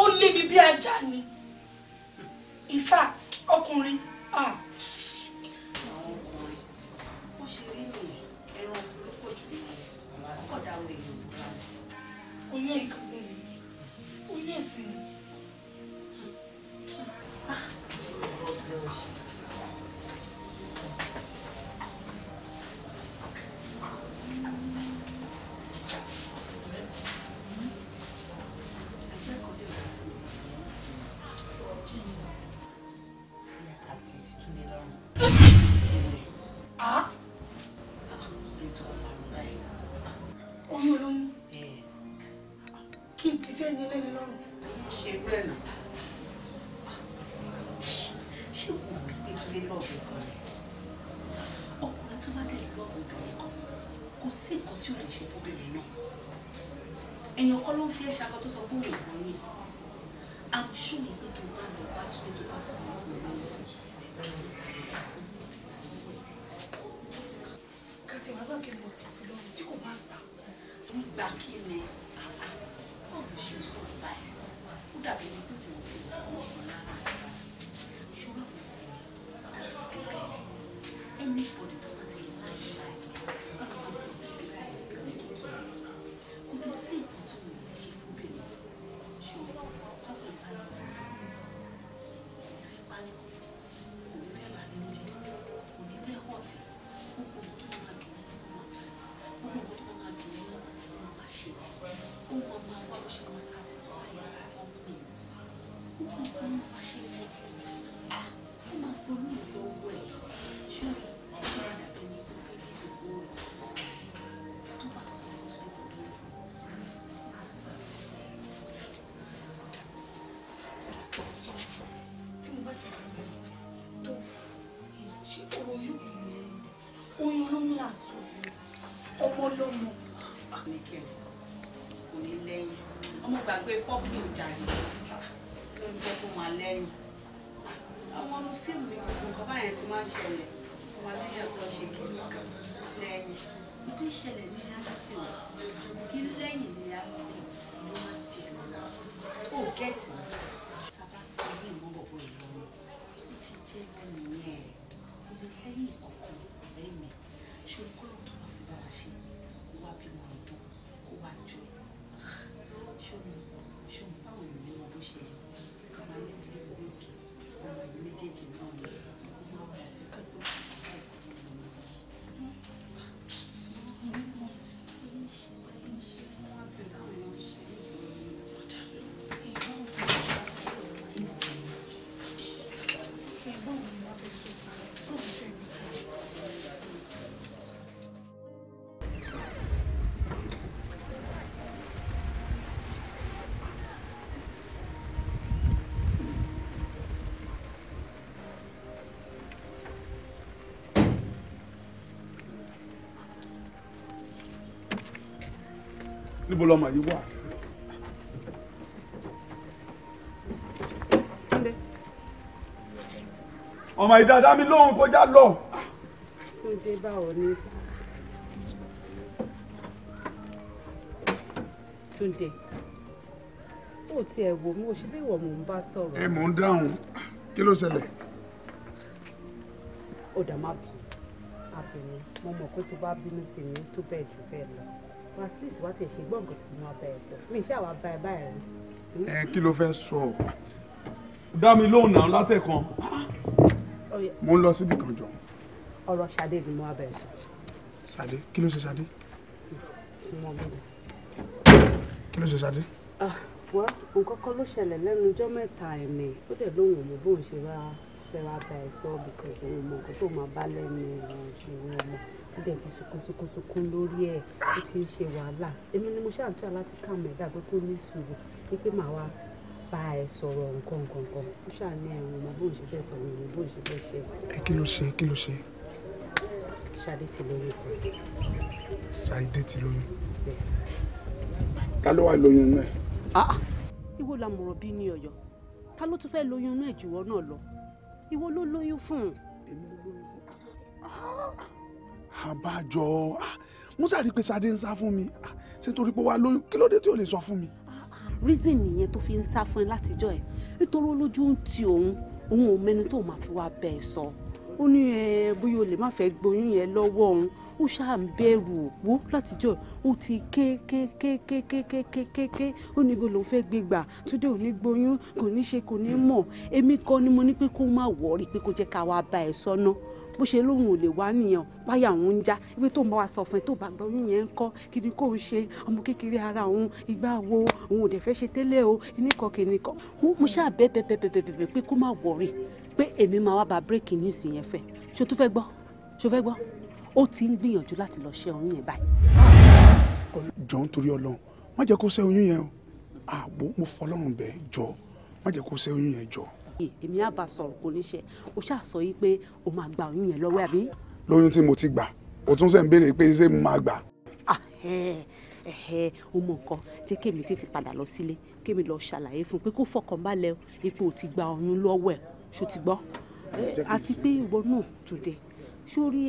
ó lé mi bí ajá ni in fact ọkùnrin ah. àwọn ọkùnrin ó ṣe rí ní ẹran olóko jù ní ọkọ̀ dáwọ̀ èèyàn bùrọ̀. oyún èsì ni oyún èsì ni. èèyàn kọ́ ló ń fi ẹ̀ṣà kan tó sọ fún òògùn yìí i'm sure pé tó bá lọ bá tó dé tó bá sọ òògùn òfin ti dùn kàtí wàá gbàgbé lọ títí lọ́rùn tí kò bá gbà. nígbà kí ni bọ́ọ̀lù ṣe sọ báyìí ó dàbí ní pípọ̀ tí wọ́n kọ́ lára ṣùgbọ́n àgbẹ̀kẹ̀kẹ̀ anybody jàre ló jẹ́ kó máa lẹ́yìn àwọn ọmọ fíìmù nǹkan báyẹn ti máa ń ṣẹlẹ̀ fún wa lẹ́yìn ọ̀kan ṣe kíni kan lẹ́yìn kí ń ṣẹlẹ̀ ní reality o kí lẹ́yìn ní reality ló máa jẹ́ o gẹ́tì níbo lọmọ yìí wà. ọmọ ìdáadáa mi lóhùn kọjá lọ. túnde báwo ni túnde ó tiẹ̀ wò mí ó ṣe bí ìwọ mò ń bá sọ̀rọ̀. ẹ mò ń dáhùn kí ló ṣẹlẹ̀. ó dà má bínú àbẹ̀mí mo mọ̀ pé tó bá bínú sí mi tó bẹ́ẹ̀ jù bẹ́ẹ̀ lọ wá at least wá ti ṣe gbọ́ nǹkan tí mo máa bá ẹ sọ mi ṣáà wá bá ẹ báyìí rí. ẹ kí ló fẹ́ sọ dá mi lóhùn náà látẹ̀kan mo ń lọ síbi kan jọ. ọ̀rọ̀ Ṣadé ni mo wá bá ẹ sọ. Ṣadé kí ló ṣe Ṣadé. kí ló ṣe Ṣadé. Ah, wá nǹkan kan ló ṣẹlẹ̀ lẹ́nu ọjọ́ mẹ́ta ẹ̀mí ó dẹ̀ lóhùn òmò bóun ṣe wá fẹ́ wá bá sọ bìkọ́ òun mọ̀ nǹkan tó máa bá lẹ́nu ìrìn àjò ó dẹ̀ ti sunkúnsunkúnsunkún lórí ẹ̀ ó ti ń ṣe wàhálà èmi ni mo ṣáà ń tà láti kàmú ẹ̀dá pé kó ní sùúrù ní pé màá wá bá ẹ sọ̀rọ̀ nǹkan nǹkan kan ó ṣáà ní ẹ̀rùn mọ bóun ṣe bẹ́ẹ̀ sọ̀rọ̀ ìwé bóun ṣe bẹ́ẹ̀ ṣe. kí ló ṣe kí ló ṣe. ṣadé ti lóyún fún mi. ṣadé ti lóyún. ta ló wà lóyún inú ẹ. Ah, ah. ìwọ la mọ̀rọ̀ bí ní ọ̀yọ́ ta ló tún fẹ́ lóyún inú ẹ̀ jùwọ́ náà lọ ìwọ ló lóyún fún un àbájọ ah, musa rí pé Sadé ń sá fún mi ah, ṣé torí pé wà lóyún kí ló dé tí ò lè sọ fún mi. reason nìyẹn tó fi ń sá fún ẹ látijọ́ ẹ nítorí olójú ń ti òun òun ò mẹni tó máa fi wá bẹ́ẹ̀ sọ ó ní ẹ bóyá o lè má fẹ́ gboyún yẹn lọ́wọ́ òun ó ṣáà ń bẹ̀rù òpó látijọ́ ó ti ké ké ké ké ké ké ké ké ké ó níbo lòún fẹ́ gbé gbà túndé ò ní gboyún kò ní ṣe kò ní mọ̀ èmi kọ́ ni mo ní pé kó má wọ̀ọ́rí pé kó jẹ́ ká wá bá ẹ sọ́nà. So bó ṣe lóhùn ò lè wá nìyẹn wáyà òun ń já ibi tó ń bá wa sọ fún ẹ tó bá gbọ́ oyún yẹn ń kọ́ kí ni kò ń ṣe ọmọ kékeré ara òun ìgbà wo òun ò dẹ̀ fẹ́ ṣe tẹ́lẹ̀ o iníkọ̀ kìnìkan mo ṣáà bẹ́ẹ̀ bẹ́ẹ̀ bẹ́ẹ̀ bẹ́ẹ̀ pé kó má wọ̀rì pé èmi máa wá ba breaking news yẹn fẹ́ ṣo tó fẹ́ gbọ́ ṣo fẹ́ gbọ́ ó ti ń gbìyànjú láti lọ ṣe oyún yẹn báyìí. jọ ń torí Ọlọ́run má jẹ́ kó ṣe oyún yẹn o àbò mo fọlọ́run bẹ́ẹ̀ jọ má jẹ́ kó ṣe oyún yẹn jọ èmi á bá sọ̀rọ̀ kò ní ṣe o ṣáà sọ yìí pé o máa gba oyún yẹn lọ́wọ́ àbí. lóyún tí mo ti gbà o tún sẹ́ ń béèrè pé ṣé mo máa gbà. o mọ nǹkan jẹ́ kémi tètè padà lọ sílé kémi lọ ṣàlàyé fún un pé kó fọkàn balẹ̀ ipò ti gba oyún lọ́wọ́ ẹ̀ ṣó ti gbọ́ àti pé ìwọ náà tòde sórí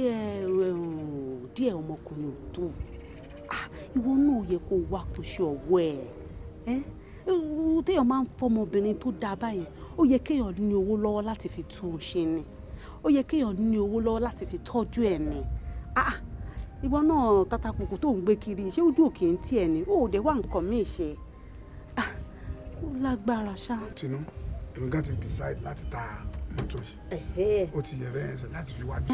díẹ̀ ọmọkùnrin ò tó ìwọ náà yẹ kó wá kó ṣe ọ̀wọ́ ẹ̀ téèyàn máa ń fọmọbìnrin tó dáa báyìí ó yẹ kéèyàn ní owó lọ́wọ́ láti fi tún un ṣe ni ó yẹ kéèyàn ní owó lọ́wọ́ láti fi tọ́jú ẹ̀ ni ah ìwọ náà tatakùkù tó ń gbé kiri ṣé ojú òkè ń tiẹ̀ ni ó dẹ̀ wá nǹkan míì ṣe ah ó lágbára ṣá. tinú èmi kan ti decide láti ta mọ́tò yìí ó ti yẹ bẹ́ẹ̀ ṣe láti fi wá bí.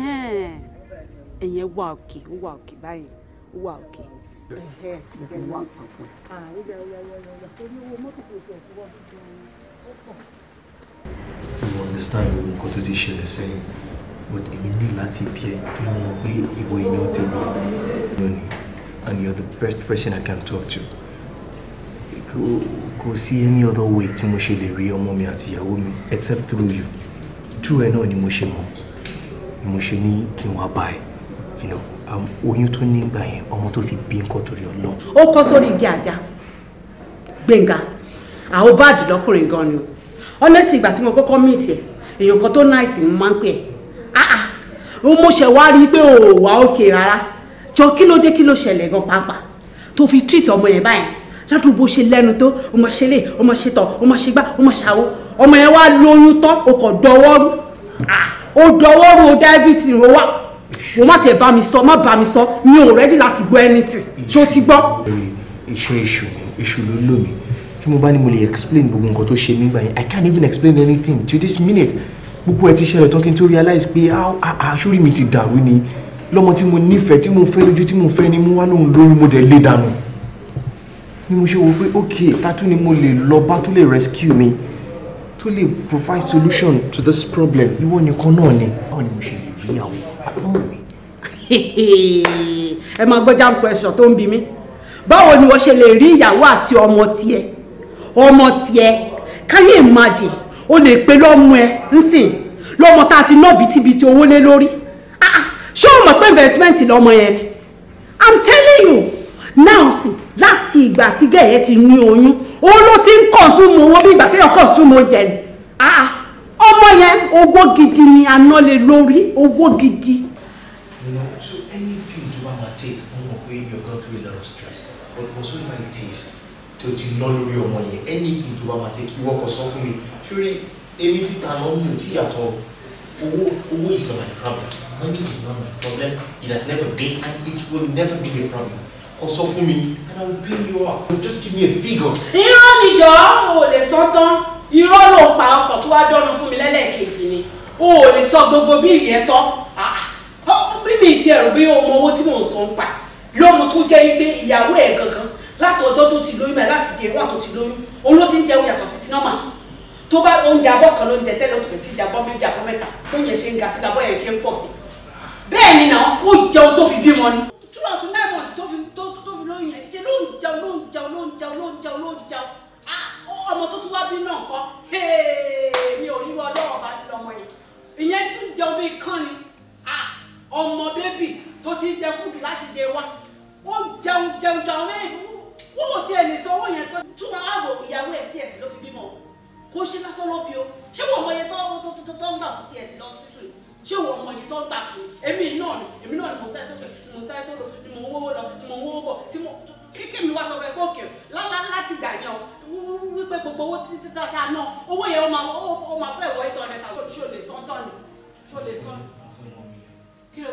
ẹ̀yẹ wà òkè ó wà òkè báyìí ó wà òkè. ẹ kò wá nǹkan fún ẹ. àwọn ah, ìyá ìyá ìyá ìyá ìyá oníwó mọ́tò kò tó ọ̀kú wọ́n fi dùn ún ó pọ̀ mo understand gbogbo nǹkan tó ti ṣẹlẹ̀ sẹ́yìn but èmi ní láti bí tó ní mo pé ìwọ èèyàn tèmi lónìí and you're the best person I can talk to kò sí any other way tí mo ṣe lè rí ọmọ mi àti ìyàwó mi except through you through ẹ náà ni mo ṣe mọ̀ ni mo ṣe ní kí n wá bá ẹ you know oyún tó nígbà yẹn ọmọ tó fi bí nǹkan torí Ọlọ́run. ó kọ́ sórí igi àjà Gbénga àwọn báàdì lọ́kùnrin gan ni o honestly ìgbà tí mo kọ́kọ́ meet ẹ̀ èèyàn kan tó nice ni mo máa ń pè ẹ́ ah ah mo ṣẹ̀ wá rí i pé ò oh, wá òkè rárá jọ kí ló dé kí ló ṣẹlẹ̀ gan pàápàá tó fi treat ọmọ yẹn báyìí ládùúgbò ṣe lẹ́nu tó ọmọ ṣe lè ọmọ ṣe tọ̀ ọmọ ṣe gbá ọmọ ṣàwo ọmọ yẹn wá lóyún tán o kò dọwọ́rú ah o dọwọ́rú o dá o wá o má tẹ̀ bá mi sọ má bá mi sọ mi ò rẹ́dí láti gbọ́ anything ṣé o ti gbọ́. iṣẹ́ èṣù èṣù ló lómi tí mo bá ní mo lè explain gbogbo nǹkan tó ṣe mí yẹn i can't even explain anything to this minute gbogbo ẹ ti ṣẹlẹ̀ tán kí n tó realize pé àṣórí ah, ah, ah, mi ti dàrú ni lọ́mọ tí mo nífẹ̀ẹ́ tí mo fẹ́ lójú tí mo fẹ́ ni mo wá lóhun lórí mo dẹ̀ lé dànù ni mo ṣe wo pé ok tatu ni mo lè lọ bá tó lè rescue mi tó lè provide solution to this problem ìwọ nìkan náà ni báwo ni mo ṣe lè rí àwọn àtọ́mọ̀ mi. ẹ máa gbọ́ jam question tó ń bi mí báwo ni wọ́n ṣe lè rí ìyàwó àti ọmọ tiẹ̀ ọmọ tiẹ̀ káyé ìmàjè o lè pe lọ́mú ẹ nsìn lọ́mọ tá a ti ná bìtìbìtì owó lé lórí ah, ah, ṣé o mọ̀ pé investment lọ́mọ yẹn ni i'm telling you now sí láti ìgbà tí gẹ̀yẹ́ ti ní oyún òun ló ti ń consume owó bí ìgbà téèyàn consume oúnjẹ ni ah, ọmọ yẹn owó gidi ni aná lé lórí owó gidi. tó ti ná lórí ọmọ yẹn ẹni tó bá máa tẹ kí wọ́kọ̀ sọ fún mi ṣúrí èmi títa náà mi ò tí yàtọ̀ owó owó is not my problem money is not my problem it has never been and it will never be a problem kò sọ fún mi and I will pay you up just give me a figure. irọ́ níjọ́ o lè sọ tán irọ́ ló ń pa ọkọ̀ tó wá dọ́nu fún mi lẹ́lẹ́kejì ni o lè sọ gbogbo bí ìyẹn tán ah, ah, bí mi ti ẹ̀rù bí o mọ owó tí mò ń sọ ń pa lóhun tó jẹ́ pé ìyàwó ẹ̀ gangan láti ọjọ́ tó ti lóyún báyìí láti di ẹ̀rọ àtò ti lóyún òun ló ti ń jẹun yàtọ̀ sí ti nọ́mà tó bá oúnjẹ abọ́ kan lóúnjẹ tẹ́lẹ̀ tó fẹ́ sí ìjàbọ́ méjì abọ́ mẹ́ta oúnjẹ ṣe ń ga sí abọ́ yẹn ṣe ń pọ̀ sí bẹ́ẹ̀ ni náà ó jẹun tó fi bímọ ni. throughout nine months tó fi tó tó fi lóyún yẹn ṣe ló ń jẹun ló ń jẹun ló ń jẹun ló ń jẹun ló ń jẹun ọmọ tó tún wá bí náà kọ́ mi ò ríro ọlọ́wọ́ bá lọ́mọ yẹn ìyẹn tún jẹun bí kán ni ọmọ bébì tó ti jẹ fúdù láti dé wa ó jẹun jẹun jẹun wọn ò tiẹ̀ lè sọ owó yẹn tó túmọ̀ àwọ̀ ìyàwó ẹ̀ sí ẹ̀sìn ló fi bímọ kó ṣe lásán lọ́bí o ṣé wọ́n mọ iye tó ń gbà fún sí ẹ̀sìn lọ́sítù ṣé wọ́n mọ iye tó ń gbà fún èmi náà ni èmi náà ni mo sáré sókè ni mo sáré sókè ni mo wówó lọ ni mo wówó bọ̀ tí mo kíkì mi wá sọ pé kókè lálá láti gbà yẹn o wípé gbogbo owó títí dáadáa náà owó yẹn ó máa fẹ́ wọ ìtọ́ rẹ̀ tàbí ṣó lè sán tán ni ṣó lè sán kí ló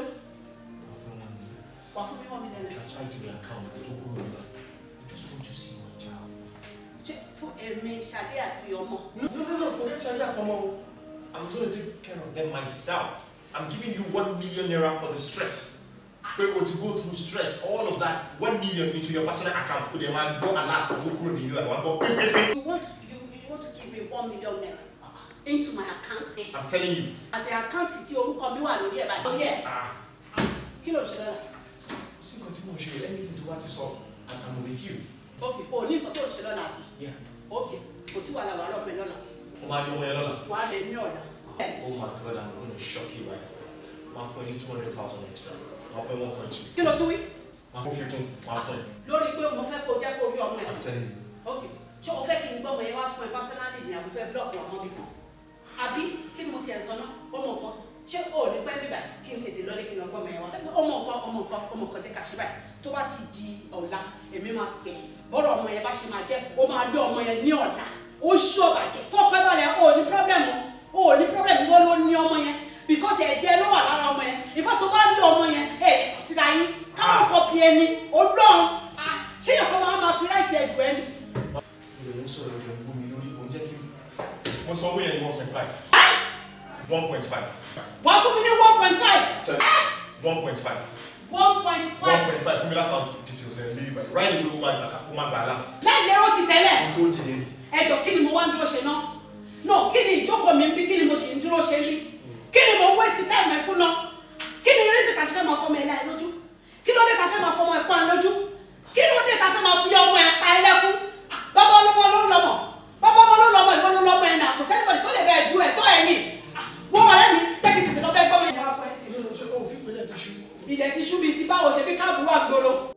wà fún mímọ́ mi lẹ́nu. transfer to the account tó kúrò nígbà fún ẹ̀mí Ṣadé àti ọmọ. no no no forget Ṣadé àtọmọ o i'm gonna take care of them myself i'm giving you one million naira for the stress pé o ti go through stress all of that one million into your personal account o dey ma gbọ́ alert tó kúrò ní us wa gbọ́ pépépé. you want you, you want to give me one million naira into my account. i'm telling you. àti àkáǹtì tí orúkọ mi wà lórí ẹ̀ báyìí. lórí ẹ̀ ah, ah. kí ló ń ṣe lọ́la. kò sí nǹkan tí mo ṣe anything to bá ti sọ and i'm with you. okay o ní nǹkan tó ń ṣe yeah okay kò sí wàhálà wàhálà ọ̀pẹ lọ́la. o máa ní owó yẹn lọ́la. wà á lè ní ọ̀la. Ah, oh my god i'm gonna shock you right now máa fún ẹ two hundred thousand naira máa fún ẹ one point two. kí ló tún wí. máa fún fi kún máa fún ẹ. lórí pé mo fẹ́ kó o jẹ́ kó o rí ọmọ ẹ. i'm telling you. okay ṣé o fẹ́ kí n gbọ́ ọmọ yẹn wá fún ẹ personally ni àbí fẹ́ block ọmọ mi kan àbí kí ni mo tiẹ̀ sọ náà ó mọ̀ ṣé o ò ní pẹ́ bíbà kí n tètè lọ́lé kí n lọ gbọ́ ọmọ yẹn wá ó mọ̀ nǹkan ó mọ̀ nǹkan ó mọ̀ nǹkan ṣe báyìí tó bá ti di ọ̀la èmi máa pè é bọ́rọ̀ ọmọ yẹn bá ṣe máa jẹ́ ó máa lé ọmọ yẹn ní ọ̀dà ó ṣó bàjẹ́ fọ́pẹ́ balẹ̀ ó ní pírọ́blẹ̀mù ó ní pírọ́blẹ̀mù ló ló ní ọmọ yẹn because ẹ̀jẹ̀ ló wà lára ọmọ yẹn ìfà tó bá lé ọmọ yẹn ẹ̀ yàtọ̀ síra yín káwọn kọ pí ẹni olóhùn ah, ṣé ìyàfọ́ máa máa fi láìtì ẹ̀dùn ẹni. mo sọ̀rọ̀ rẹ̀ mú mi fún mi ní one point five. one point five. one point five. one point five. fún mi lápá details ẹ̀ lé ibà right away ó máa kó má láti. láì lérò ti tẹ́lẹ̀. kó tó dìde. ẹjọ kí ni mo wá ń dúró ṣe náà no kí ni ìjókòó mi ń bí kí ni mo ṣe ń dúró ṣe rí kí ni mo wé sí táìmù ẹ fún náà kí ni eré ìsìnkà ṣe fẹ́ máa fọmọ ẹ láì lójú kí ló dé ta fẹ́ máa fọmọ ẹ pọ́n lójú kí ló dé ta fẹ́ máa fi ọmọ ẹ pa ẹ lẹ́kún bàbá ọlọ́mọ ló ń lọ́mọ bàbá ọmọ ló ń lọ́mọ ìwọ ló ń lọ́mọ ẹ̀ nà kò sẹ́ni tó lè bẹ́ẹ̀ du ẹ̀ tó ẹ̀ ní wọ́n wà lẹ́nu jẹ́ kí tètè lọ bẹ́ẹ̀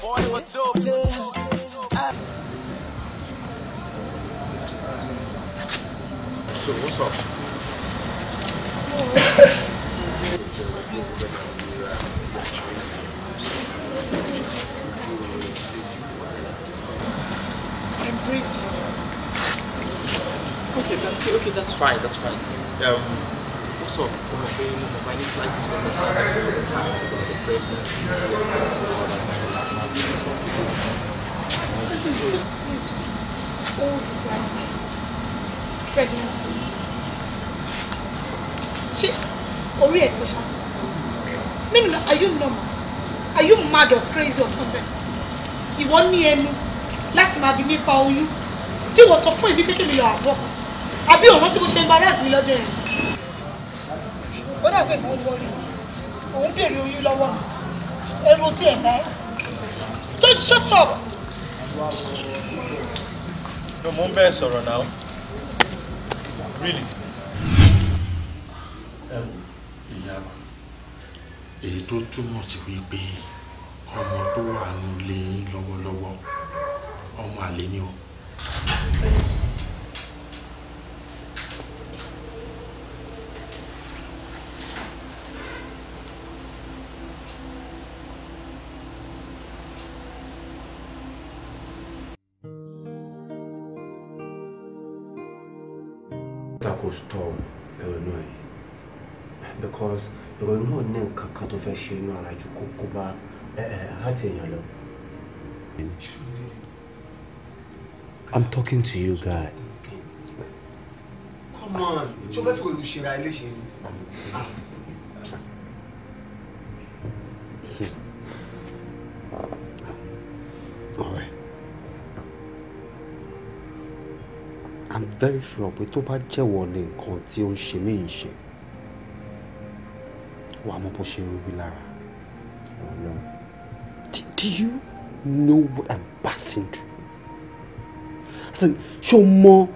Boy, what So, what's up? Embrace you. Okay, that's okay. That's fine. That's fine. Um, also from My very, very slight misunderstanding the time about the pregnancy. I'm doing something wrong. Please orí ẹ̀ ṣá? Meaning that are you normal? Are you mad or crazy or something? Ìwọ ní ẹnu láti máa bi nípa oyún tí wọ́n sọ fún ìbí kékeré lọ abort. Àbí òun tí mo ṣe ń embarrass mi lọ́jọ́ yẹn. Ó dàgbé ìwọ́n wọlé. Òun béèrè oyún lọ́wọ́. Ẹrù tí ẹ̀ bá ẹ̀. Don't shut up. No, mo ń bẹ́ẹ̀ sọ̀rọ̀ náà. Really? Ẹ wo ìyá wa, èyí tó túmọ̀ sí wípé ọmọ tó wà nílé yín lọ́wọ́lọ́wọ́ ọmọ àlè ni o. fẹ́ ṣe inú arájú kó kó bá àti èèyàn lọ. I'm talking to you guy. Come on ṣé o fẹ́ fi òyìnbó ṣe ra ilé ṣe ni. Hmm. I'm very sure pé tó bá jẹ́wọ́ ní nǹkan tí ó ń ṣe mí ń ṣe wà mọ bó ṣe rúbi lára. do you know what i'm passing through? ṣé o mọ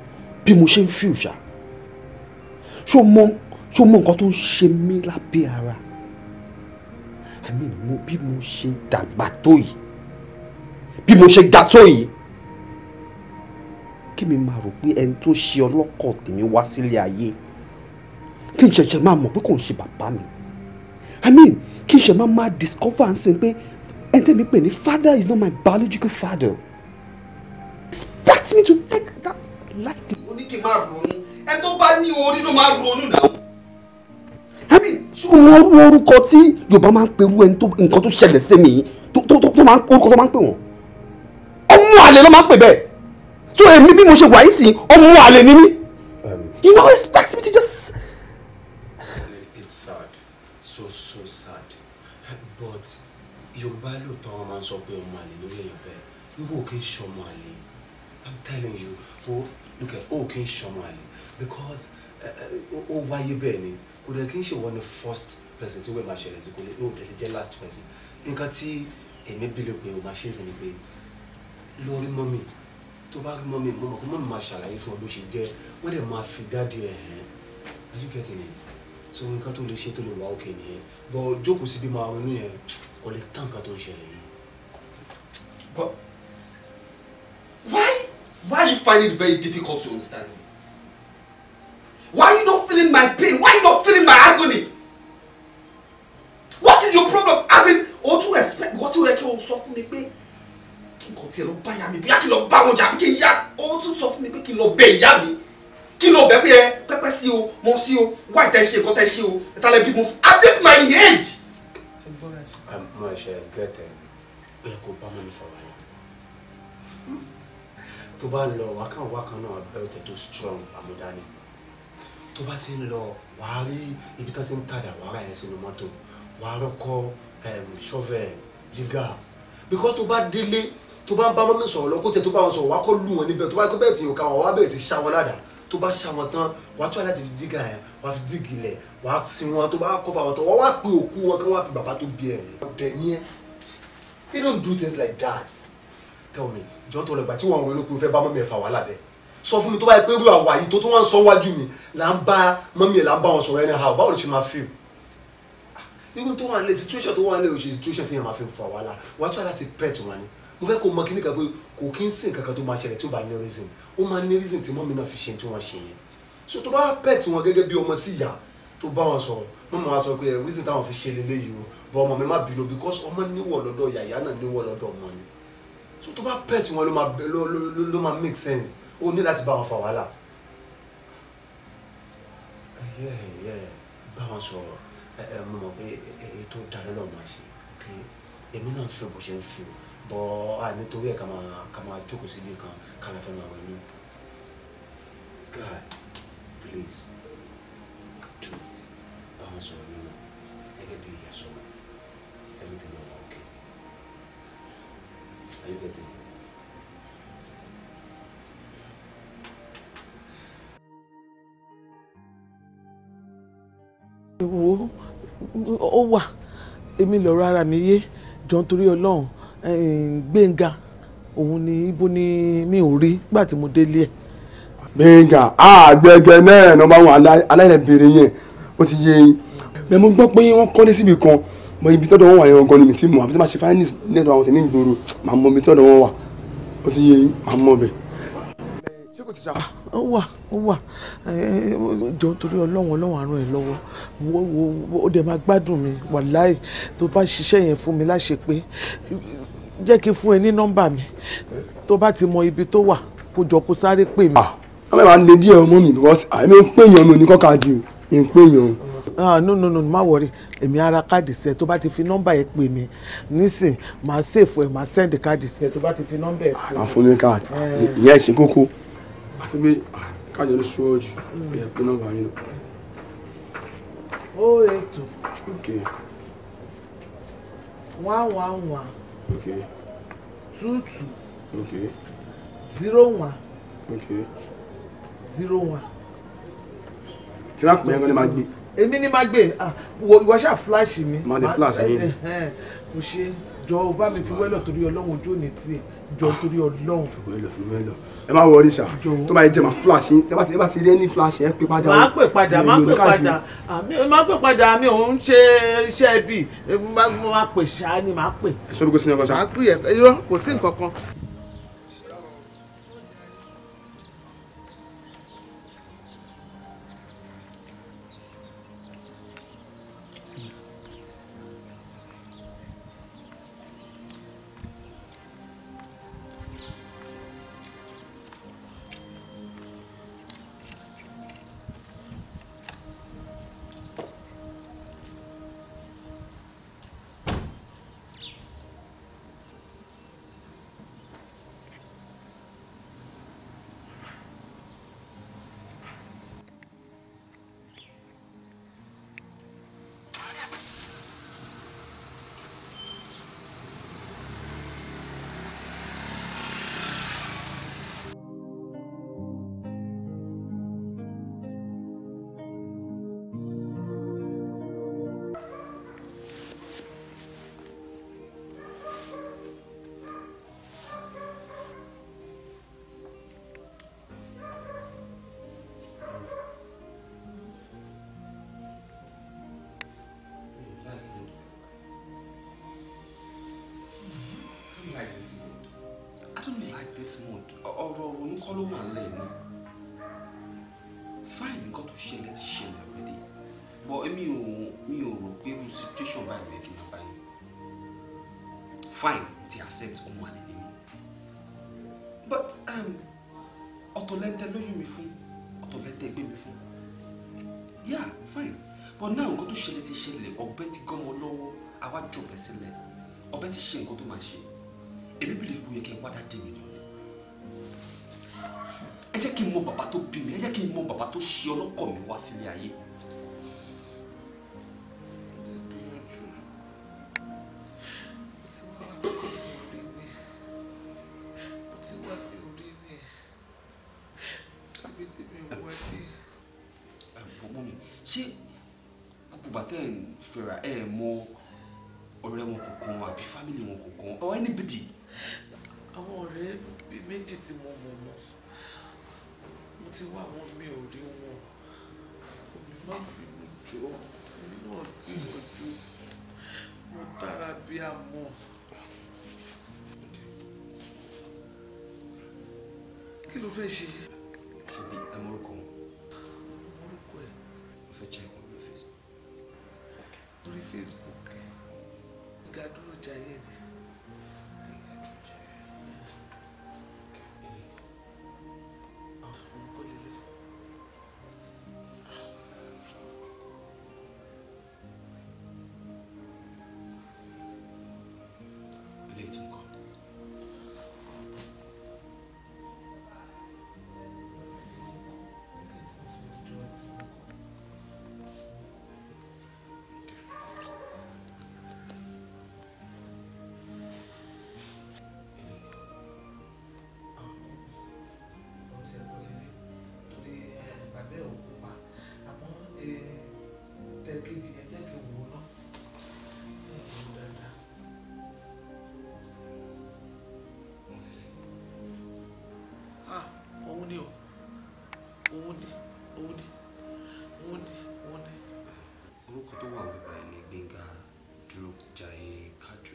bí mo ṣe ń feel ṣá? ṣé o mọ ṣé o mọ nǹkan tó ń ṣe mí lábẹ́ ara? i mean mo bí mo ṣe dàgbà tó yìí bí mo ṣe ga tó yìí kí mi máa rò pé ẹni tó ṣe ọlọ́kọ̀ tèmi wá sílé ayé kí n ṣẹ̀ṣẹ̀ máa mọ̀ pé kò ń ṣe bàbá mi i mean kí n ṣe máa máa discover and say, pé ẹni tẹ́mi pè ní father is not my biological father expect me to take that lightly. o ní kí n máa ronú ẹ tó bá ní orí ló máa ronú náà. i mean ṣé wọn rú orúkọ tí yorùbá máa ń pe irú ẹni tó nǹkan tó ṣẹlẹ̀ sí mi tó máa ń orúkọ tó máa ń pè wọ́n ọmọ àlè ló máa ń pè bẹ́ẹ̀ so èmi bí mo ṣe wà yìí sí ọmọ àlè ni mí um, you no expect me to just yorùbá lóòótọ́ wọn máa ń sọ pé ọmọ àlè lórí èèyàn bẹ́ẹ̀ yorùbá kí ń ṣọmọ àlè i'm telling you for look at oh kí ń ṣọmọ àlè because ó wáyé bẹ́ẹ̀ ni kò dẹ̀ kí ń ṣèwọ ni first person tí wọ́n máa ṣẹlẹ̀ sí kò ní oh dẹ̀ jẹ́ last person nǹkan tí èmi bílò pé o máa ṣe é sí ni pé lórí mọ́mì tó bá rí mọ́mì mọ́mọ́ kó mọ́mì máa ṣàlàyé fún ọ bó ṣe jẹ́ wọ́n dẹ̀ máa fi dáàdi ẹ̀ hẹ́n are you getting it so nǹkan tó lè ṣe tó lè wá òkè nìyẹn but jókòó síbi máa ronú yẹn kò lè tán nǹkan tó ń ṣẹlẹ̀ yìí. but why why are you finding it very difficult to understand me why are you not feeling my pain why are you not feeling my agony what is your problem as in o tún expect wọ́n tún expect? kí o sọ fún mi pé kí nǹkan tiẹ̀ lọ bá ìyá mi bóyá kí n lọ bá wọn jà bí kí n yá o tún sọ fún mi pé kí n lọ bẹ ìyá mi kí n lọ bẹ pé ẹ pẹpẹ sí o mọ sí o wá ìtẹ ṣe nǹkan tẹ ṣe o ìtàlẹ bímọ at this my age mo ṣe gẹ́tẹ̀ ni. ó yẹ kó bá mọ́ mi fọ̀rọ̀ yẹn tó bá lọ wákàn wákàn náà bẹ́ẹ̀tẹ̀ tó strong àmúdání tó bá ti ń lọ wàá rí ibi tó ti ń tàdà wàrà yẹn sínú mọ́tò wàá rọ́kọ́ ṣọ́fẹ̀ um, jígà because tó bá délé tó bá ń bá mọ́mí sọ̀rọ̀ lọ kó tẹ̀ tó bá wọn sọ̀rọ̀ wá kó lù wọn níbẹ̀ tó bá kó bẹ́ẹ̀ tí yóò ká wọn wá bẹ́ẹ̀ ti ṣá wọn ládàá tó bá ṣá wọn tán wàá tún láti fi dígà yẹn wàá fi dígì ilẹ̀ wàá sin wọn tó bá kọ́ wọn tán wọ́n wá pé òkú wọn kí wọ́n fi bàbá tó bí ẹ̀ ọ̀dẹ̀ ni ẹ́ they don't do things like that tell me jọ́ tó lọ gbà tí wọ́n ronú pé o fẹ́ bá mọ́mí ẹ̀ fà wàhálà bẹ́ẹ̀ sọ fún mi tó bá yẹ pé irú àwa yìí tó tún wá ń sọ wájú mi là ń bá mọ́mí ẹ̀ là ń bá wọn sọ̀rọ̀ ẹni ha báwo ló ṣe máa feel irú ah, tó wà ń situation tó wà ń lé òṣèlú situation tó yẹ máa fi fà wàhálà wàá tún láti pet wọn ni mo fẹ́ kó mọ kíní kan pé kò kí ń sìn kankan tó máa ṣẹlẹ̀ tó bá ní reason ó máa ní reason tí mọ́mí náà fi ṣe tí wọ́n ṣe yẹn so tó bá pẹ̀ tí wọn gẹ́gẹ́ bí ọmọ sí ìyá tó bá wọn sọ̀rọ̀ mo mọ̀ sọ pé reason táwọn fi ṣe leléyìí o bọ́ ọmọ mi má bínú because ọmọ níwọ̀ lọ́dọ̀ yàyà náà níwọ̀ lọ́dọ̀ ọmọ ni so tó bá pẹ̀ tí wọn ló máa make sense ó ní láti bá wọn fà wàhálà bá wọn sọ̀rọ̀ mo mọ̀ pé èyí tó darí lọ́ọ́ máa ṣe èmi náà bọ́ a ah, nítorí ẹ̀ ká máa ká máa jókòó síbi kan ká la fẹ́ máa wẹ̀ ní. God please do it báwọn sọ̀rọ̀ nínú gẹ́gẹ́ bí ìyá sọ̀rọ̀ everything will be okay are wo ó wà èmi lọ́rọ̀ ara mi yé jọ nítorí ọlọ́run Gbénga òun ni ibo ni mi ò rí nígbà tí mo délé ẹ̀. Gbénga àgbẹ̀gẹ̀ ah, náà nọ́mbà wọn aláìlẹ̀bẹ̀rẹ̀ yẹn ó ti yé yín mẹ mo gbọ́ pé wọ́n kọ́lé síbi kan mọ ibi tọ́dọ̀ wọn wà yẹn gan ni mi ti mọ̀ àbí tí wọ́n ṣe finance lẹ́dọ̀ àwọn tèmi ìgboro màá mọ ibi tọ́dọ̀ wọn wà ó ti yé yín màá mọ̀ bẹ́ẹ̀. ṣé kò ti ṣá ó wà ó wà jọ nítorí ọlọ́run ọlọ́run á ràn ẹ́ lọ́wọ́ ó dẹ̀ máa gbádùn mi wàláì tó bá ṣiṣẹ́ yẹn fún mi láṣepé jẹ́ kí n fún ẹ ní nọ́mbà mi tó bá ti mọ ibi tó wà kó jọ kó sáré pè mí. àmọ́ ìbá lè díẹ̀ ọmọ mi because àmì ń pè yàn mi ò ní kọ́ka di ò ń pè yàn o ah, ah no no no má wọrí èmi ara káàdì sí ẹ tó bá ti fi nọ́mbà yẹn pè mí nísìn màá ṣèfò ẹ màá sẹ́ndì káàdì sí ẹ tó bá ti fi nọ́mbà yẹn pè mí. Ah, àfúnni káàdì eh. ìyá ìsìn kókó àti pé ah, kájọ ní ṣọ́ọ̀jù ẹ̀yẹ pé nọ́mbà yín lọ. ó ètò. ok. one one one. ok. two two. ok. zero one. ok. zero one. tí wọ́n pè é wọ́n ní máa gbé. èmi ni máa gbé ah, ìwọ ṣáà flash mi. máa de flash yín. kò ṣe jọ bá mi fi wẹ́lọ̀ torí ọlọ́run ojú ò ní tiẹ̀ jọ ah. torí ọlọ́run. fi wẹ́lọ̀ fi wẹ́lọ̀ ẹ má wọrí sà tó bá yẹ jẹ ma flash yín ẹ bá ti rí ẹni flash yẹn pé padà. máa pè padà máa pè padà máa pè padà mi ò ń ṣe iṣẹ́ bí máa pè ṣáá ni máa pè. ẹ sọ bí kò sí nǹkan sá. máa pè ẹ irọ́ kò sí nǹkan kan. mi fún ọ̀tọ̀ gbé mi fún yeah fine but now nǹkan tó ṣẹlẹ̀ ti ṣẹlẹ̀ ọ̀bẹ ti gọ́mọ lọ́wọ́ àwa jọ̀bẹ sílẹ̀ ọ̀bẹ ti ṣe nǹkan tó máa ṣe èmi bìlẹ̀ ìwé kẹ́ wá dáadé mi lọ ẹ jẹ́ kí n mọ bàbá tó bí mi ẹ jẹ́ kí n mọ bàbá tó ṣe ọlọ́kọ̀ mi wá sílé ayé. tí mi ò wá dé. àbọ̀mọ́ mi ṣé gbogbo bàtẹ́ ẹ̀ fẹ́ra ẹ̀ mọ ọ̀rẹ́ wọn kọ̀ọ̀kan àbí fámìlì wọn kọ̀ọ̀kan or anybody. àwọn ọ̀rẹ́ bíi méjì tí mo mọ̀ mọ́ mo ti wá àwọn mi ò rí wọn omi má bínú jọ omi náà gbìyànjú mo dára bí a mọ̀. kí ló fẹ́ ṣe. Fẹ́bi ẹ mọ́rúkọ wọn. Mọ́rúkọ ẹ̀ mo check wọn lórí Facebook. Lórí Facebook ẹ̀. Ìgá dúró jayé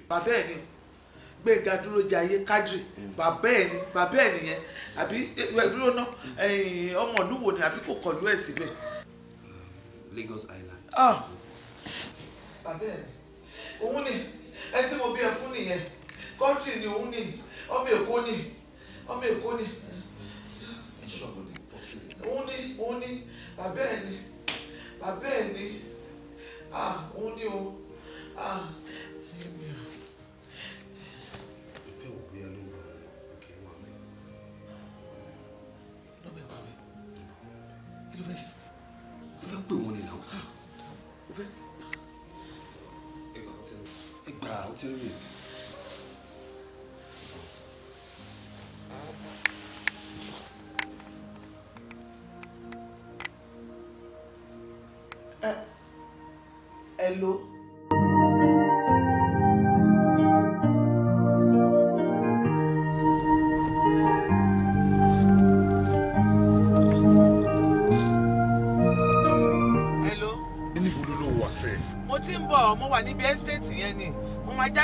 bàbá ẹ̀ ni o gbẹ̀ngà dúró jayé kádìrì hmm. bàbá ẹ̀ ni bàbá ẹ̀ nìyẹn àbí dúró náà ọmọ ìlú wo ni àbí kò kọlu ẹ̀ síbẹ̀. Um, Lagos Island. Ah! bàbá ẹ̀ ni òun ni ẹ tí mo bí ẹ fún nìyẹn kọ́ńtì ni òun ni ọmọ èkó ni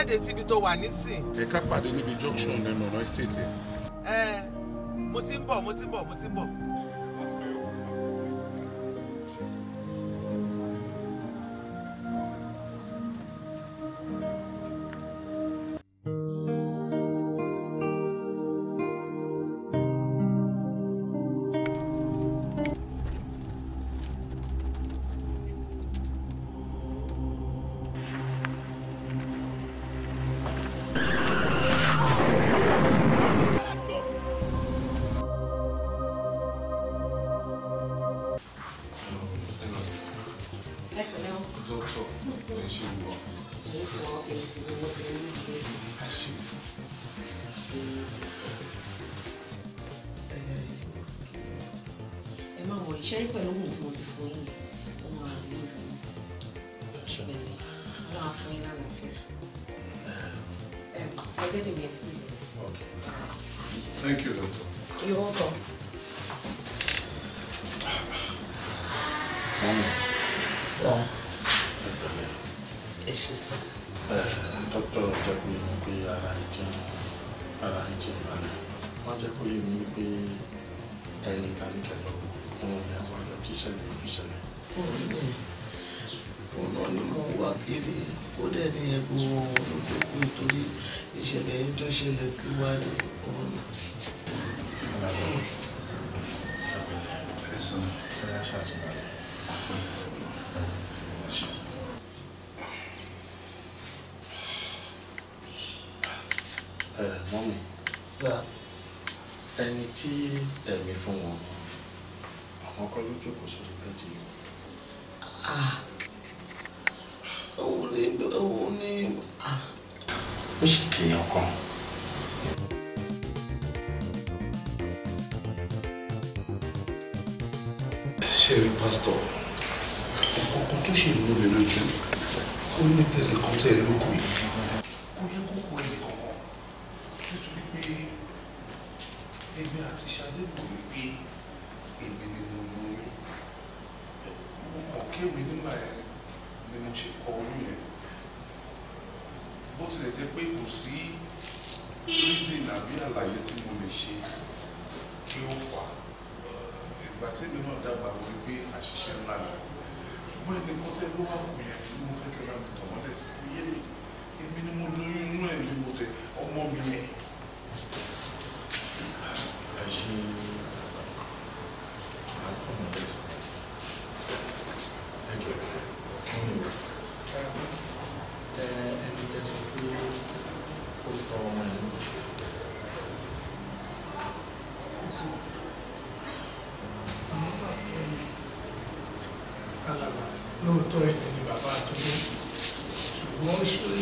jáde síbi tó wà nísìn. ẹ̀ka pàdé níbi junction ẹnu ọ̀nà estate yẹn. ẹ mo ti ń bọ̀ mo ti ń bọ̀ mo ti ń bọ̀. sá ẹ ṣe sá. dókítà jẹ́ kó yé mi pé ara yín ti ń ara yín ti ń balẹ̀ wọ́n jẹ́ kó yé mi pé ẹni ta ní kẹlẹ́ o òun ni àwọn àjọ tí ìṣẹ̀lẹ̀ yìí ṣẹlẹ̀. òun náà ni mo wá kiri ó dẹ̀ sá ẹni tí ẹ̀mí fún wọn àwọn kan ló jókòó sórí bẹ́ẹ̀dì yìí. Ah, òun ni òun ni. Ah, ó sì kéèyàn kan. ṣé rí pásítọ̀ nǹkan kan tó ṣe mú mi lójú ó ní tẹnìkan tẹ̀ lóko yìí. àbí àlàyé tí mo lè ṣe kí ó fà á eh, ìgbà tẹ́mi náà dàgbà mo rí pé àṣìṣe ńlá ni ṣùgbọ́n ẹni kan tẹ́ ló wà kù yẹn ni mo fẹ́ kí ẹ bá mi tọ̀mọ́lẹ̀ sí kú yé mi èmi ni mo lóyún inú ẹ̀ ni mo tẹ ọmọ mi yẹn.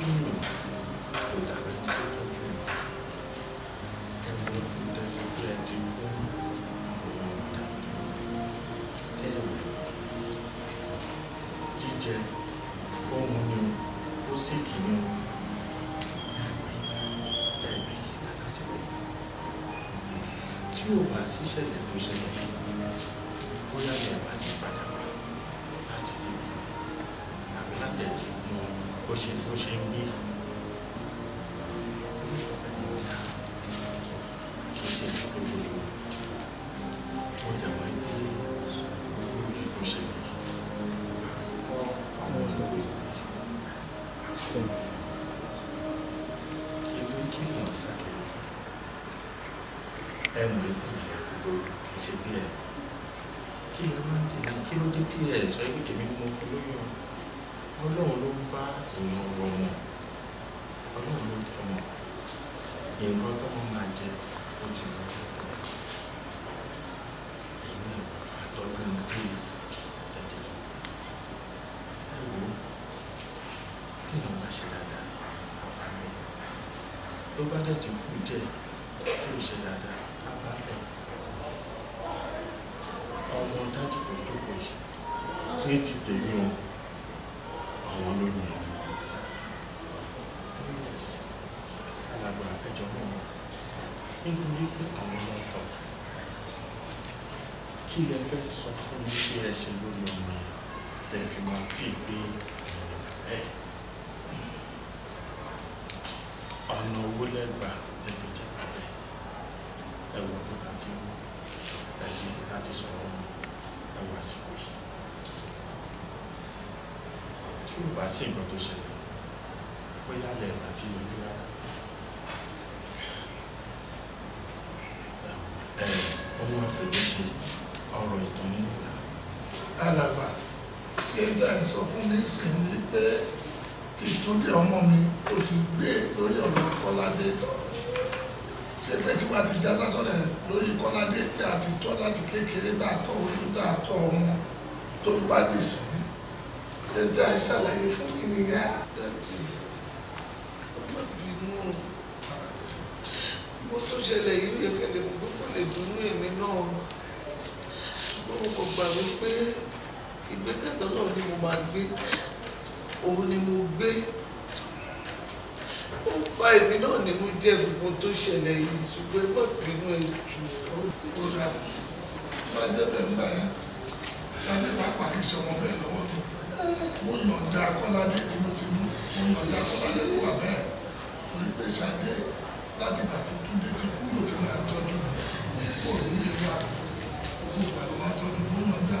ó dàbí ní tó tọ́jú ẹ̀wọ̀n ìdẹ́sípẹ́ ti fún àwọn ọ̀dà ẹ̀wọ̀n jíjẹ ohun ni ó sì tí ò bá síṣẹ̀lẹ̀ tó ṣẹlẹ̀ yìí. lágbára ẹjọ́ mọ́ wọn nítorí pé àwọn ọmọ ọkọ kí lẹ fẹ́ sọ fún mi kí ẹ ṣe lórí ọmọ yẹn tẹ fi máa fi gbé ẹ ọ̀nà owó lẹ́gbàá tẹ fi jẹ pàdé ẹwọ tó ta ti mú tẹ̀sí láti sọ̀rọ̀ mọ́ ẹwọ àsìkò yìí tí ò bá sí nǹkan tó ṣẹlẹ̀ bóyá lẹ́ẹ̀bà tí ojú rárá. sọ fún mi sì ni pé Tìtúndé ọmọ mi ó ti gbé lórí ọ̀rọ̀ Kọ́ládé ṣé pé tí wàá ti já sásọ̀rẹ̀ lórí Kọ́ládé tí a ti tọ́ láti kékeré tá a tọ́ ojú tá a tọ́ ọmọ tó fi wá dì sí ṣé tí a ṣàlàyé fún mi nìyẹn. mo tó ṣẹlẹ̀ yìí yẹ kẹ́lẹ́ mo gbọ́dọ̀ lè dùnú èmi náà mo kò gbà wípé ìgbésẹ̀ tó náà ni mo máa gbé òun ni mo gbé ó fa èmi náà nínú jẹ́ gbogbo tó ṣẹlẹ̀ yìí ṣùgbọ́n ẹgbẹ́ ìpinnu ètò ó rà. sáájẹ́ bẹ́ẹ̀ ń gbà yẹn sáájẹ́ bá pàdé sọmọ bẹ́ẹ̀ lọ́wọ́ mi mo yọ̀ǹda kọ́ládé tìmùtìmù mo yọ̀ǹda kọ́ládé kó wà bẹ́ẹ̀ torí pé sáájẹ́ láti gbà tí túndé ti kú ló ti máa tọ́jú mi kó ní ìlú àti gbogbo àlọ́ máa tọ́jú mo yọ̀ǹda.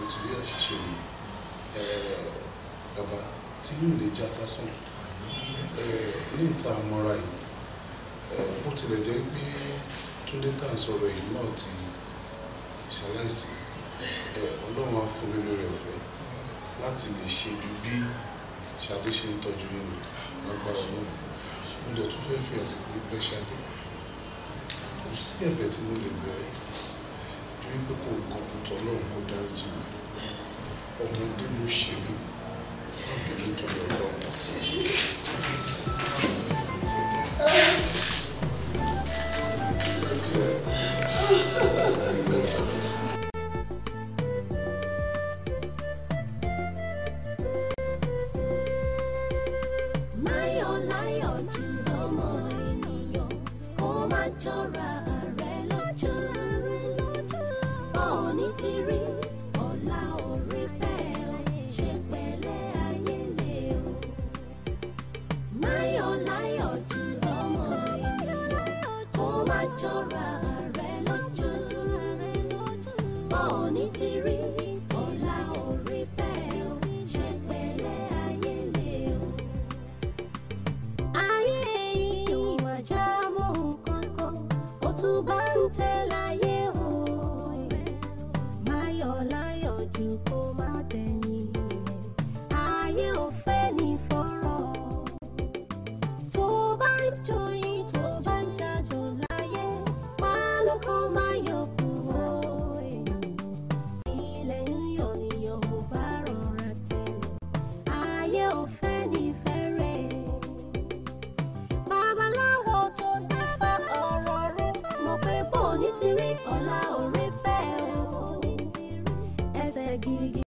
o ti rí àṣìṣe mi bàbá tí mi ò lè já sásán ní ìta mọ́ra yìí bó tilẹ̀ jẹ́ pé túndé tá à ń sọ̀rọ̀ yìí náà ti ṣaláìsí ọlọ́run á fún mi lórí ọ̀fẹ́ láti lè ṣe ju bí ṣadé ṣe ń tọ́jú nínú lágbára náà mo dẹ̀ tún fẹ́ fi àsìkò pẹ́ ṣadé kò sí ẹ̀bẹ̀ tí mo lè bẹ̀rẹ̀ wípé kò kọ̀ǹpútọ̀ náà kó dáríjì mi ọmọdé ló ṣe mí ọmọdé tó lọ lọ́wọ́.